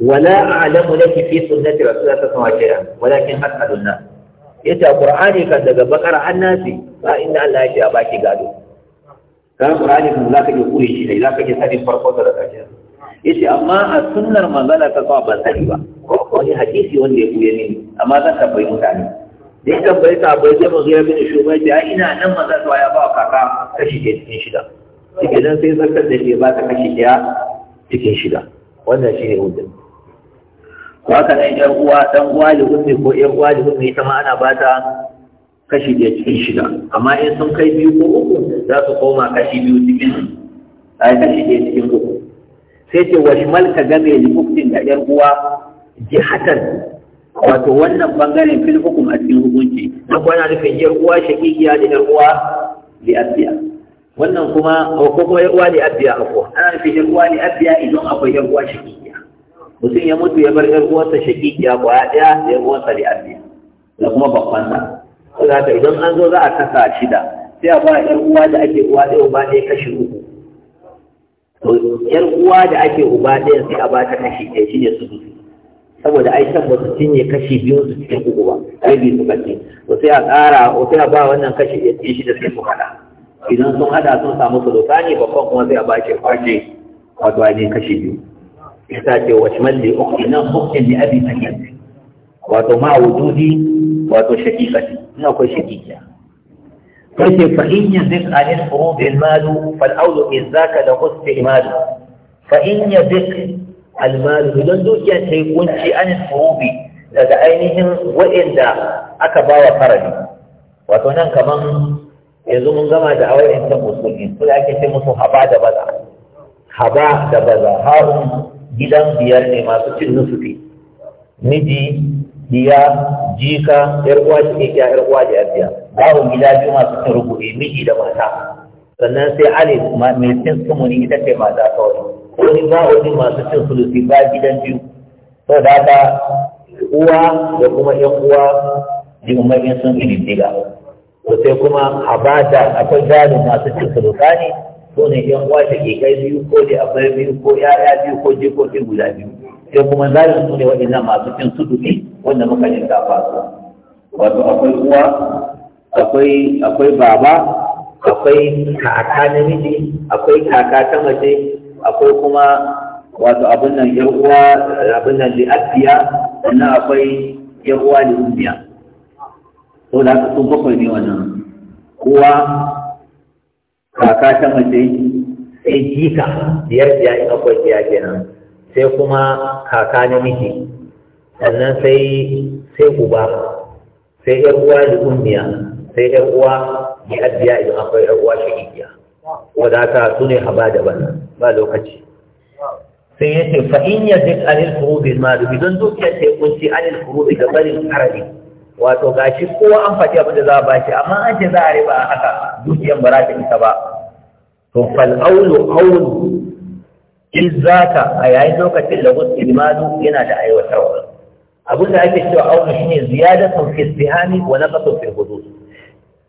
wala a'lamu laki fi sunnati rasulillahi sallallahu alaihi wasallam walakin haqqadun nas yace qur'ani kan daga bakara annasi ba inda Allah ya ce a baki gado kan qur'ani kan zaka ji kuri shi zaka ji sabin farko da rakaciya yace amma a sunnar manzala ta kawo ban sani ba wani hadisi wanda ya buya ne amma zan tabbai mutane da ya tambayi ta bai sai mazuya bin shugaba ya ce ina nan maza zuwa ya ba wa kaka kashi ɗaya cikin shida cikin nan sai zartar da ke ba ta kashi ɗaya cikin shida wannan shi ne hujjar ko haka nan yan uwa dan uwa da gumi ko yan uwa da gumi ita ma ana ba ta kashi ɗaya cikin shida amma in sun kai biyu ko uku za su koma kashi biyu cikin ai kashi ɗaya cikin uku sai ce washmal ka game da lifuktin da 'yar uwa jihatan wato wannan bangaren fil hukum a cikin hukunci na kwana nufin yan uwa shakikiya da 'yar uwa li abiya wannan kuma ko kuma 'yar uwa li abiya ko ana nufin yan uwa li abiya idan akwai 'yar uwa shakikiya mutum ya mutu ya bar 'yar yan uwarsa shakikiya kwaya daya da yan uwarsa li abiya da kuma babban sa saboda idan an zo za a kasa shida sai a ba yan uwa da ake uwa ɗaya uba ɗaya kashi uku to yar uwa da ake uba ɗayan sai a bata kashi ɗaya shi ne su dusu saboda ai can ba su cinye kashi biyu su cikin uku ba biyu su kashi to sai a ƙara ko sai a ba wannan kashi ɗaya shi da sai su haɗa idan sun haɗa sun samu su doka ne babban kuma sai a bace kwaje wato ainihin kashi biyu isa ce wace malli uku nan uku ne abi sakin wato ma wujudi wato shakikati ina akwai shakikiya yace fa in yazid anil furud al malu fal awlu in zaka da husbi malu fa in yazid al malu idan dukiya ta yi kunci anil furud daga ainihin wa'inda aka bawa faradi wato nan kaman yanzu mun gama da awayin ta musulmi su ake ce musu haba da baza haba da baza harun gidan biyar ne masu cin nusufi miji diya jika yar uwa ce ya yar uwa ce abiya babu gida biyu masu cin rubuɗe miji da mata sannan sai alif mai cin sumuni ita ce mata kawai wani ba wani masu cin sulusi ba gidan biyu sau da ta uwa da kuma yan uwa jimmamin sun diga to sai kuma a bata akwai gadon masu cin sulusa ne ko ne yan uwa da ke kai biyu ko da akwai biyu ko ya'ya biyu ko jikoki guda biyu sai kuma za su ne waɗannan masu cin ne wanda muka yi ta faso wato akwai uwa akwai akwai baba akwai kaka namiji akwai kaka ta mace akwai kuma wato abin nan yar uwa abin nan afiya sannan akwai yar uwa li'ummiya to da haka sun bakwai ne wannan uwa kaka ta mace sai jika biyar biya in akwai biya kenan sai kuma kaka na namiji sannan sai sai uba sai yar uwa da ummiya sai yar uwa bi abiya idan akwai yar uwa shaqiqiya wanda haka sune haba da daban ba lokaci sai yace fa in yadik anil furud al mal bidan dukiya sai kunci anil furud da barin arabi wato gashi kowa an faɗi abin da za a bashi amma an ce za a riba haka dukiyan ba za ta isa ba to fal aulu aulu izzaka a yayin lokacin da wasu imanu yana da aiwatarwa abin da ake cewa auna shine sun fi istihami wa naqatun fi hudud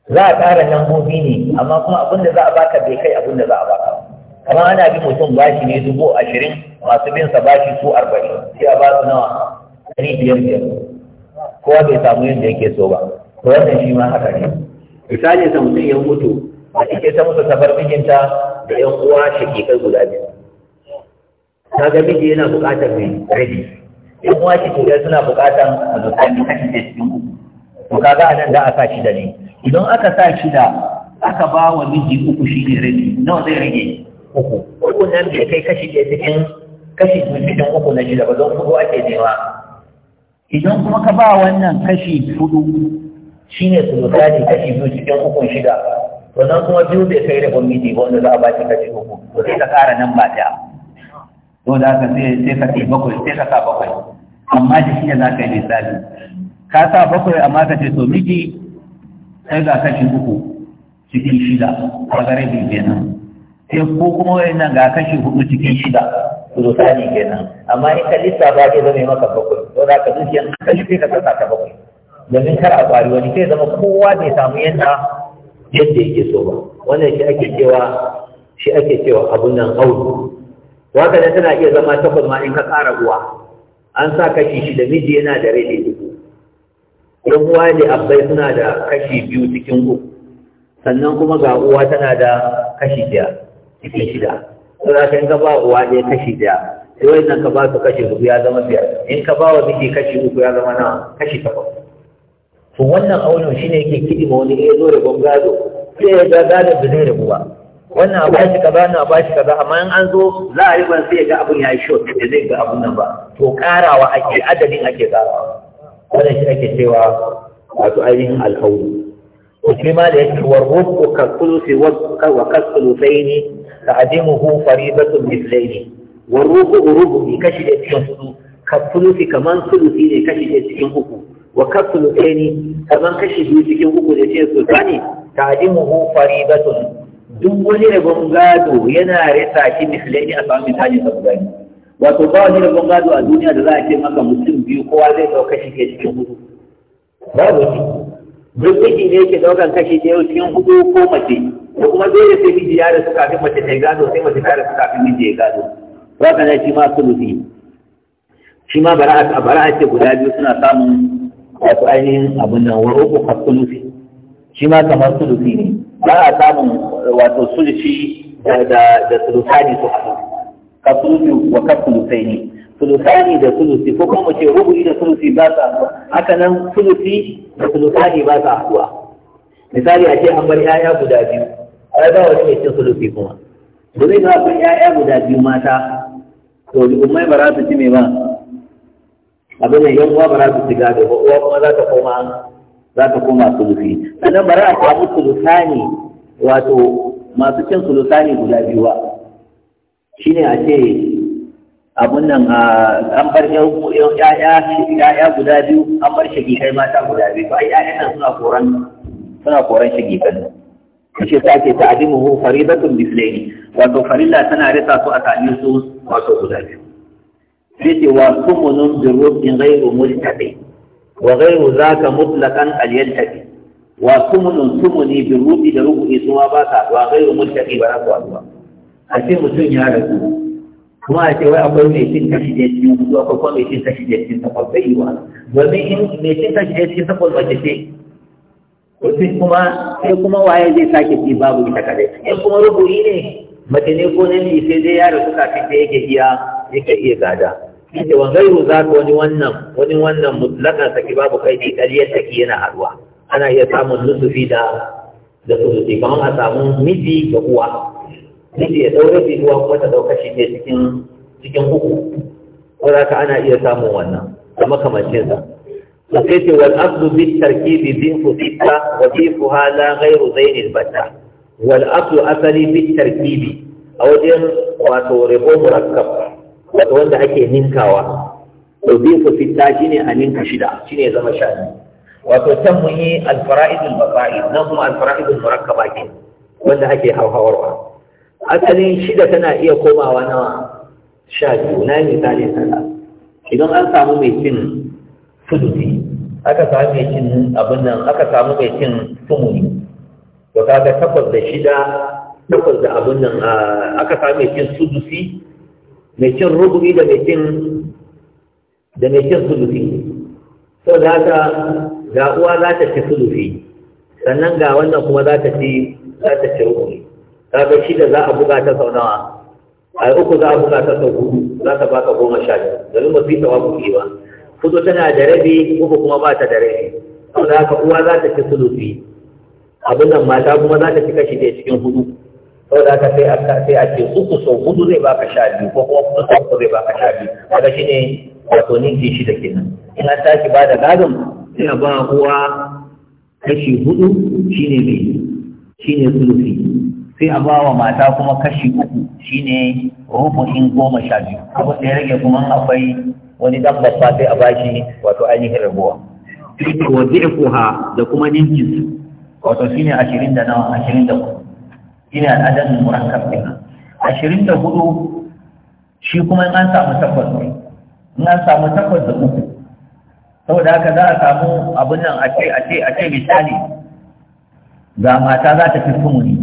za a ƙara lambobi ne amma kuma abin da za a baka bai kai abin da za a baka kamar ana bi mutum bashi ne dubu ashirin masu bin sa bashi su arba'in sai a ba su nawa ɗari biyar biyar kowa bai samu yadda yake so ba to wannan shi ma haka ne Misali, ta mutum ya mutu a cike ta musu tabar mijinta da yan uwa kai guda biyu ta ga miji yana buƙatar mai rabi in kuma shi ke suna buƙatar a zuƙani kashi da cikin uku to kaga a nan za a sa shi da ne idan aka sa shi da aka ba wa miji uku shi ne rabi nawa zai rage uku uku nan bai kai kashi ɗaya cikin kashi cikin uku na shida ba don kudu ake nema idan kuma ka ba wannan kashi hudu shi ne ne kashi biyu cikin ukun shida nan kuma biyu bai kai da miji ba wanda za a ba shi kashi uku to sai ka ƙara nan ba ɗaya to da aka sai sai ka ce bakwai sai ka sa bakwai amma da shi ne za ka yi misali ka sa bakwai amma ka ce to miki sai ga kashi uku cikin shida kaga rabi kenan sai ko kuma nan ga kashi hudu cikin shida rusani kenan amma in ka ba ke zama maka bakwai to za ka zuciya ka shi ka sa ta bakwai domin kar a kwari wani sai zama kowa bai samu yadda yadda yake so ba wannan shi ake cewa shi ake cewa abun nan auru wata ne tana iya zama takwas ma in ka ƙara uwa an sa kashi shi da miji yana da rai uku yan uwa ne abbai suna da kashi biyu cikin uku sannan kuma ga uwa tana da kashi ɗaya cikin shida to za ka in ka ba uwa ne kashi ɗaya sai nan ka ba su kashi uku ya zama biyar in ka ba wa miji kashi uku ya zama nawa kashi takwas to wannan aunin shine yake kiɗi ma wani iya eh, zo da gwamgado sai ya ga gadon da zai rabu ba wannan a bashi kaza wannan a bashi kaza amma in an zo za a yi ban sai ga abun ya yi shot da zai ga abun nan ba to karawa ake adadin ake karawa wannan shi ake cewa wato ainihin alhauru ko shi ma da yake wa rubu ka kulusi wa kasulu sayni ta hu faridatun mislaini wa rubu rubu kashi da cikin su ka kulusi kaman sulusi ne kashi da cikin uku wa kasulu ni kaman kashi biyu cikin uku da cikin sultani ta adimuhu faridatun duk wani rabon gado yana rasa shi misalai a samun misali sa guda wato ba wani rabon gado a duniya da za a ce maka mutum biyu kowa zai dauka shi ke cikin hudu babu shi birkiki ne yake daukan kashi ke cikin hudu ko mace ko kuma dole sai miji ya rasu kafin mace ta gado sai mace ta rasu kafin miji ya gado ba ka na shi ma sulusi shi ma a ce guda biyu suna samun wato ainihin abin nan wa uku kafin nufi. shi ma kamar sulusi ne ba a samun wato sulfi da sulusani su haɗu ka sulfi wa ka sulusai ne sulusani da sulusi ko kuma ce rubu'i da sulusi ba su haɗuwa haka nan sulusi da sulusani ba su haɗuwa misali a ce an bar 'ya'ya guda biyu ai ba wani mai cin sulusi kuma ba zai ga 'ya'ya guda biyu mata to umai ba za su ci mai ba abin da yan uwa ba za su shiga da ba uwa kuma za ta koma za ka koma sulufi sannan bari a samu sulusani wato masu cin sulusani guda biyu ba Shi ne a ce abun nan an bar ya'ya guda biyu an bar shagikai mata guda biyu ba ya'yan nan suna koran suna koran shagikan shi ta ce ta'dimuhu faridatun bislaini wato farilla tana rasa su a tani su wato guda biyu sai ce wa sumunun bi rubin ghairu wa ghairu zaka mutlaqan al yantaqi wa sumunun sumuni bi rubi da rubu'i suma ba ka wa ghairu mutlaqi ba ku azuwa a ce mutum ya rasu kuma a ce wai akwai mai cin kashi da cikin hudu akwai kuma mai cin kashi da cikin takwas bai yi wa domin in mai cin kashi da cikin takwas mace ce sai kuma sai kuma waye zai sake ci babu ita kadai in kuma rubu'i ne mace ne ko namiji sai dai ya suka fi da yake iya yake iya gada yake wa gairu za ka wani wannan wani wannan mutlaka saki babu kai ne ƙaryar saki yana haruwa ana iya samun nusufi da da sulusi kamar a samu miji da uwa miji ya daure fi uwa kuma ta ɗauka shi ne cikin cikin uku ko za ka ana iya samun wannan da makamancinsa to sai ce wal abdu bi tarkibi bi fusita wa bi fuhala gairu zainil batta wal abdu asali bi tarkibi a wajen wato rebo murakkab wato wanda ake ninkawa to biyu ku fita shine a ninka shida ne zama sha wato can mun yi alfara'idul baka'i nan kuma alfara'idul murakkaba ke wanda ake hauhawarwa asalin shida tana iya komawa nawa sha biyu na misali sana idan an samu mai cin sudusi aka samu mai cin abin nan aka samu mai cin sumuni to kaga takwas da shida takwas da abin nan ah, aka samu mai cin sudusi mai cin rubu'i da mai cin da mai cin sulufi so da haka ga uwa za ta ci sulufi sannan ga wannan kuma za ta ci za ta ci rubu'i ga shi da za a buga ta sau nawa a uku za a buga ta sau hudu za ta baka goma sha biyu domin ba fi tsawa ku ba fito tana da rabi uku kuma ba ta da rabi sau da haka uwa za ta ci sulufi abin nan mata kuma za ta ci kashi ɗaya cikin hudu sau da aka sai a ce uku sau hudu zai baka sha biyu ko kuma kuma sau zai baka sha biyu kaga shi ne wato ninki shi da kenan in an tashi ba da gadon sai a ba uwa kashi hudu shi ne mai shi ne sulufi sai a ba wa mata kuma kashi uku shi ne in goma sha biyu abu da ya rage kuma akwai wani dan babba sai a ba shi wato ainihin rabuwa. Wa zai da kuma ninkinsu wato shi ne ashirin da nawa ashirin da uku ina adadin murakkab din ashirin da hudu shi kuma in an samu takwas ne in an samu takwas da uku saboda haka za a samu abin nan a ce a ce a ce misali ga mata za ta fi sumuni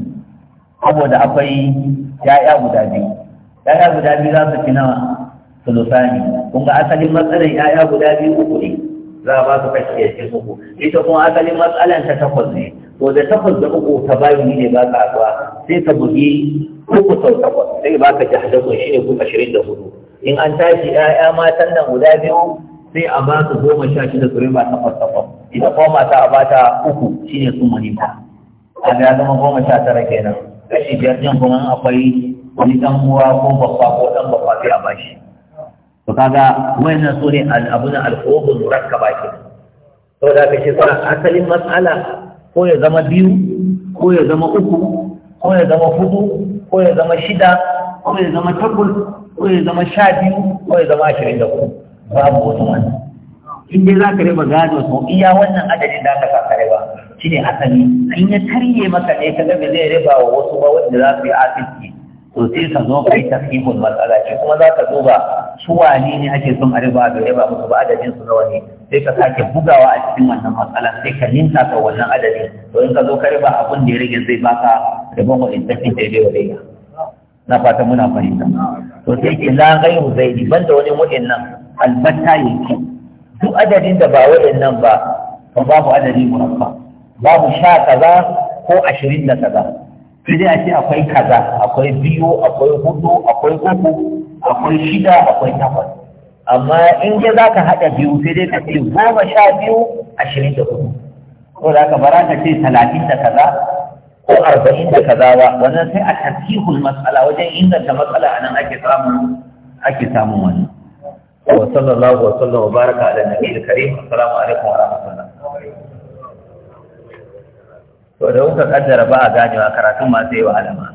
saboda akwai ya'ya guda biyu ya'ya guda biyu za su fi na sulusani kun ga asalin matsalar ya'ya guda biyu uku ne za a ba su kashi ya ce uku ita kuma asalin matsalar ta takwas ne wanda da takwas da uku ta bayu ne ba ka zuwa sai ka bugi uku sau takwas sai ba ka jihar da shi ne ku ashirin da hudu in an tashi ‘ya'ya matan nan guda biyu sai a ba su goma sha shida su rima takwas takwas idan kuma mata a bata uku shine wani ba a ga zama goma sha tara kenan kashi biyar ɗin kuma akwai wani ɗan uwa ko babba ko ɗan babba sai a bashi to kaga wayannan su ne al'abuna al-qubul ba ke saboda ce suna asalin matsala. ko ya zama biyu ko ya zama uku ko ya zama hudu ko ya zama shida ko ya zama takwas ko ya zama sha biyu ko ya zama ashirin da uku babu wata wani in dai za ka riba gado to iya wannan adadin da aka saka ba shi ne asali in ya karye maka ne ka ga zai riba wa wasu ba wanda za su yi asibiti to sai ka zo kai tafihul matsala ce kuma za ka ba su wani ne ake son a riba da riba musu ba adadin su nawa ne sai ka sake bugawa a cikin wannan matsala sai ka ninka ka wannan adadin to in ka zo ka riba abin da ya rage zai baka riban wa ya bai wa daidai na fata muna fahimta to sai ke la gairu zaidi da wani mu'in nan albatta duk adadin da ba wa'in nan ba to babu adadi murabba babu sha kaza ko ashirin da kaza sai dai a ce akwai kaza akwai biyu akwai hudu akwai uku akwai shida akwai takwas amma in ya za ka haɗa biyu sai dai ka ce goma sha biyu ashirin da hudu ko da ka bara ka ce talatin da kaza ko arba'in da kaza ba wannan sai a tartihul matsala wajen inganta matsala a nan ake samun ake samun wannan wa sallallahu wa sallam wa baraka ala nabiyil karim assalamu alaikum wa rahmatullah to da kuka kaddara ba a gane wa karatun masu yi wa alama.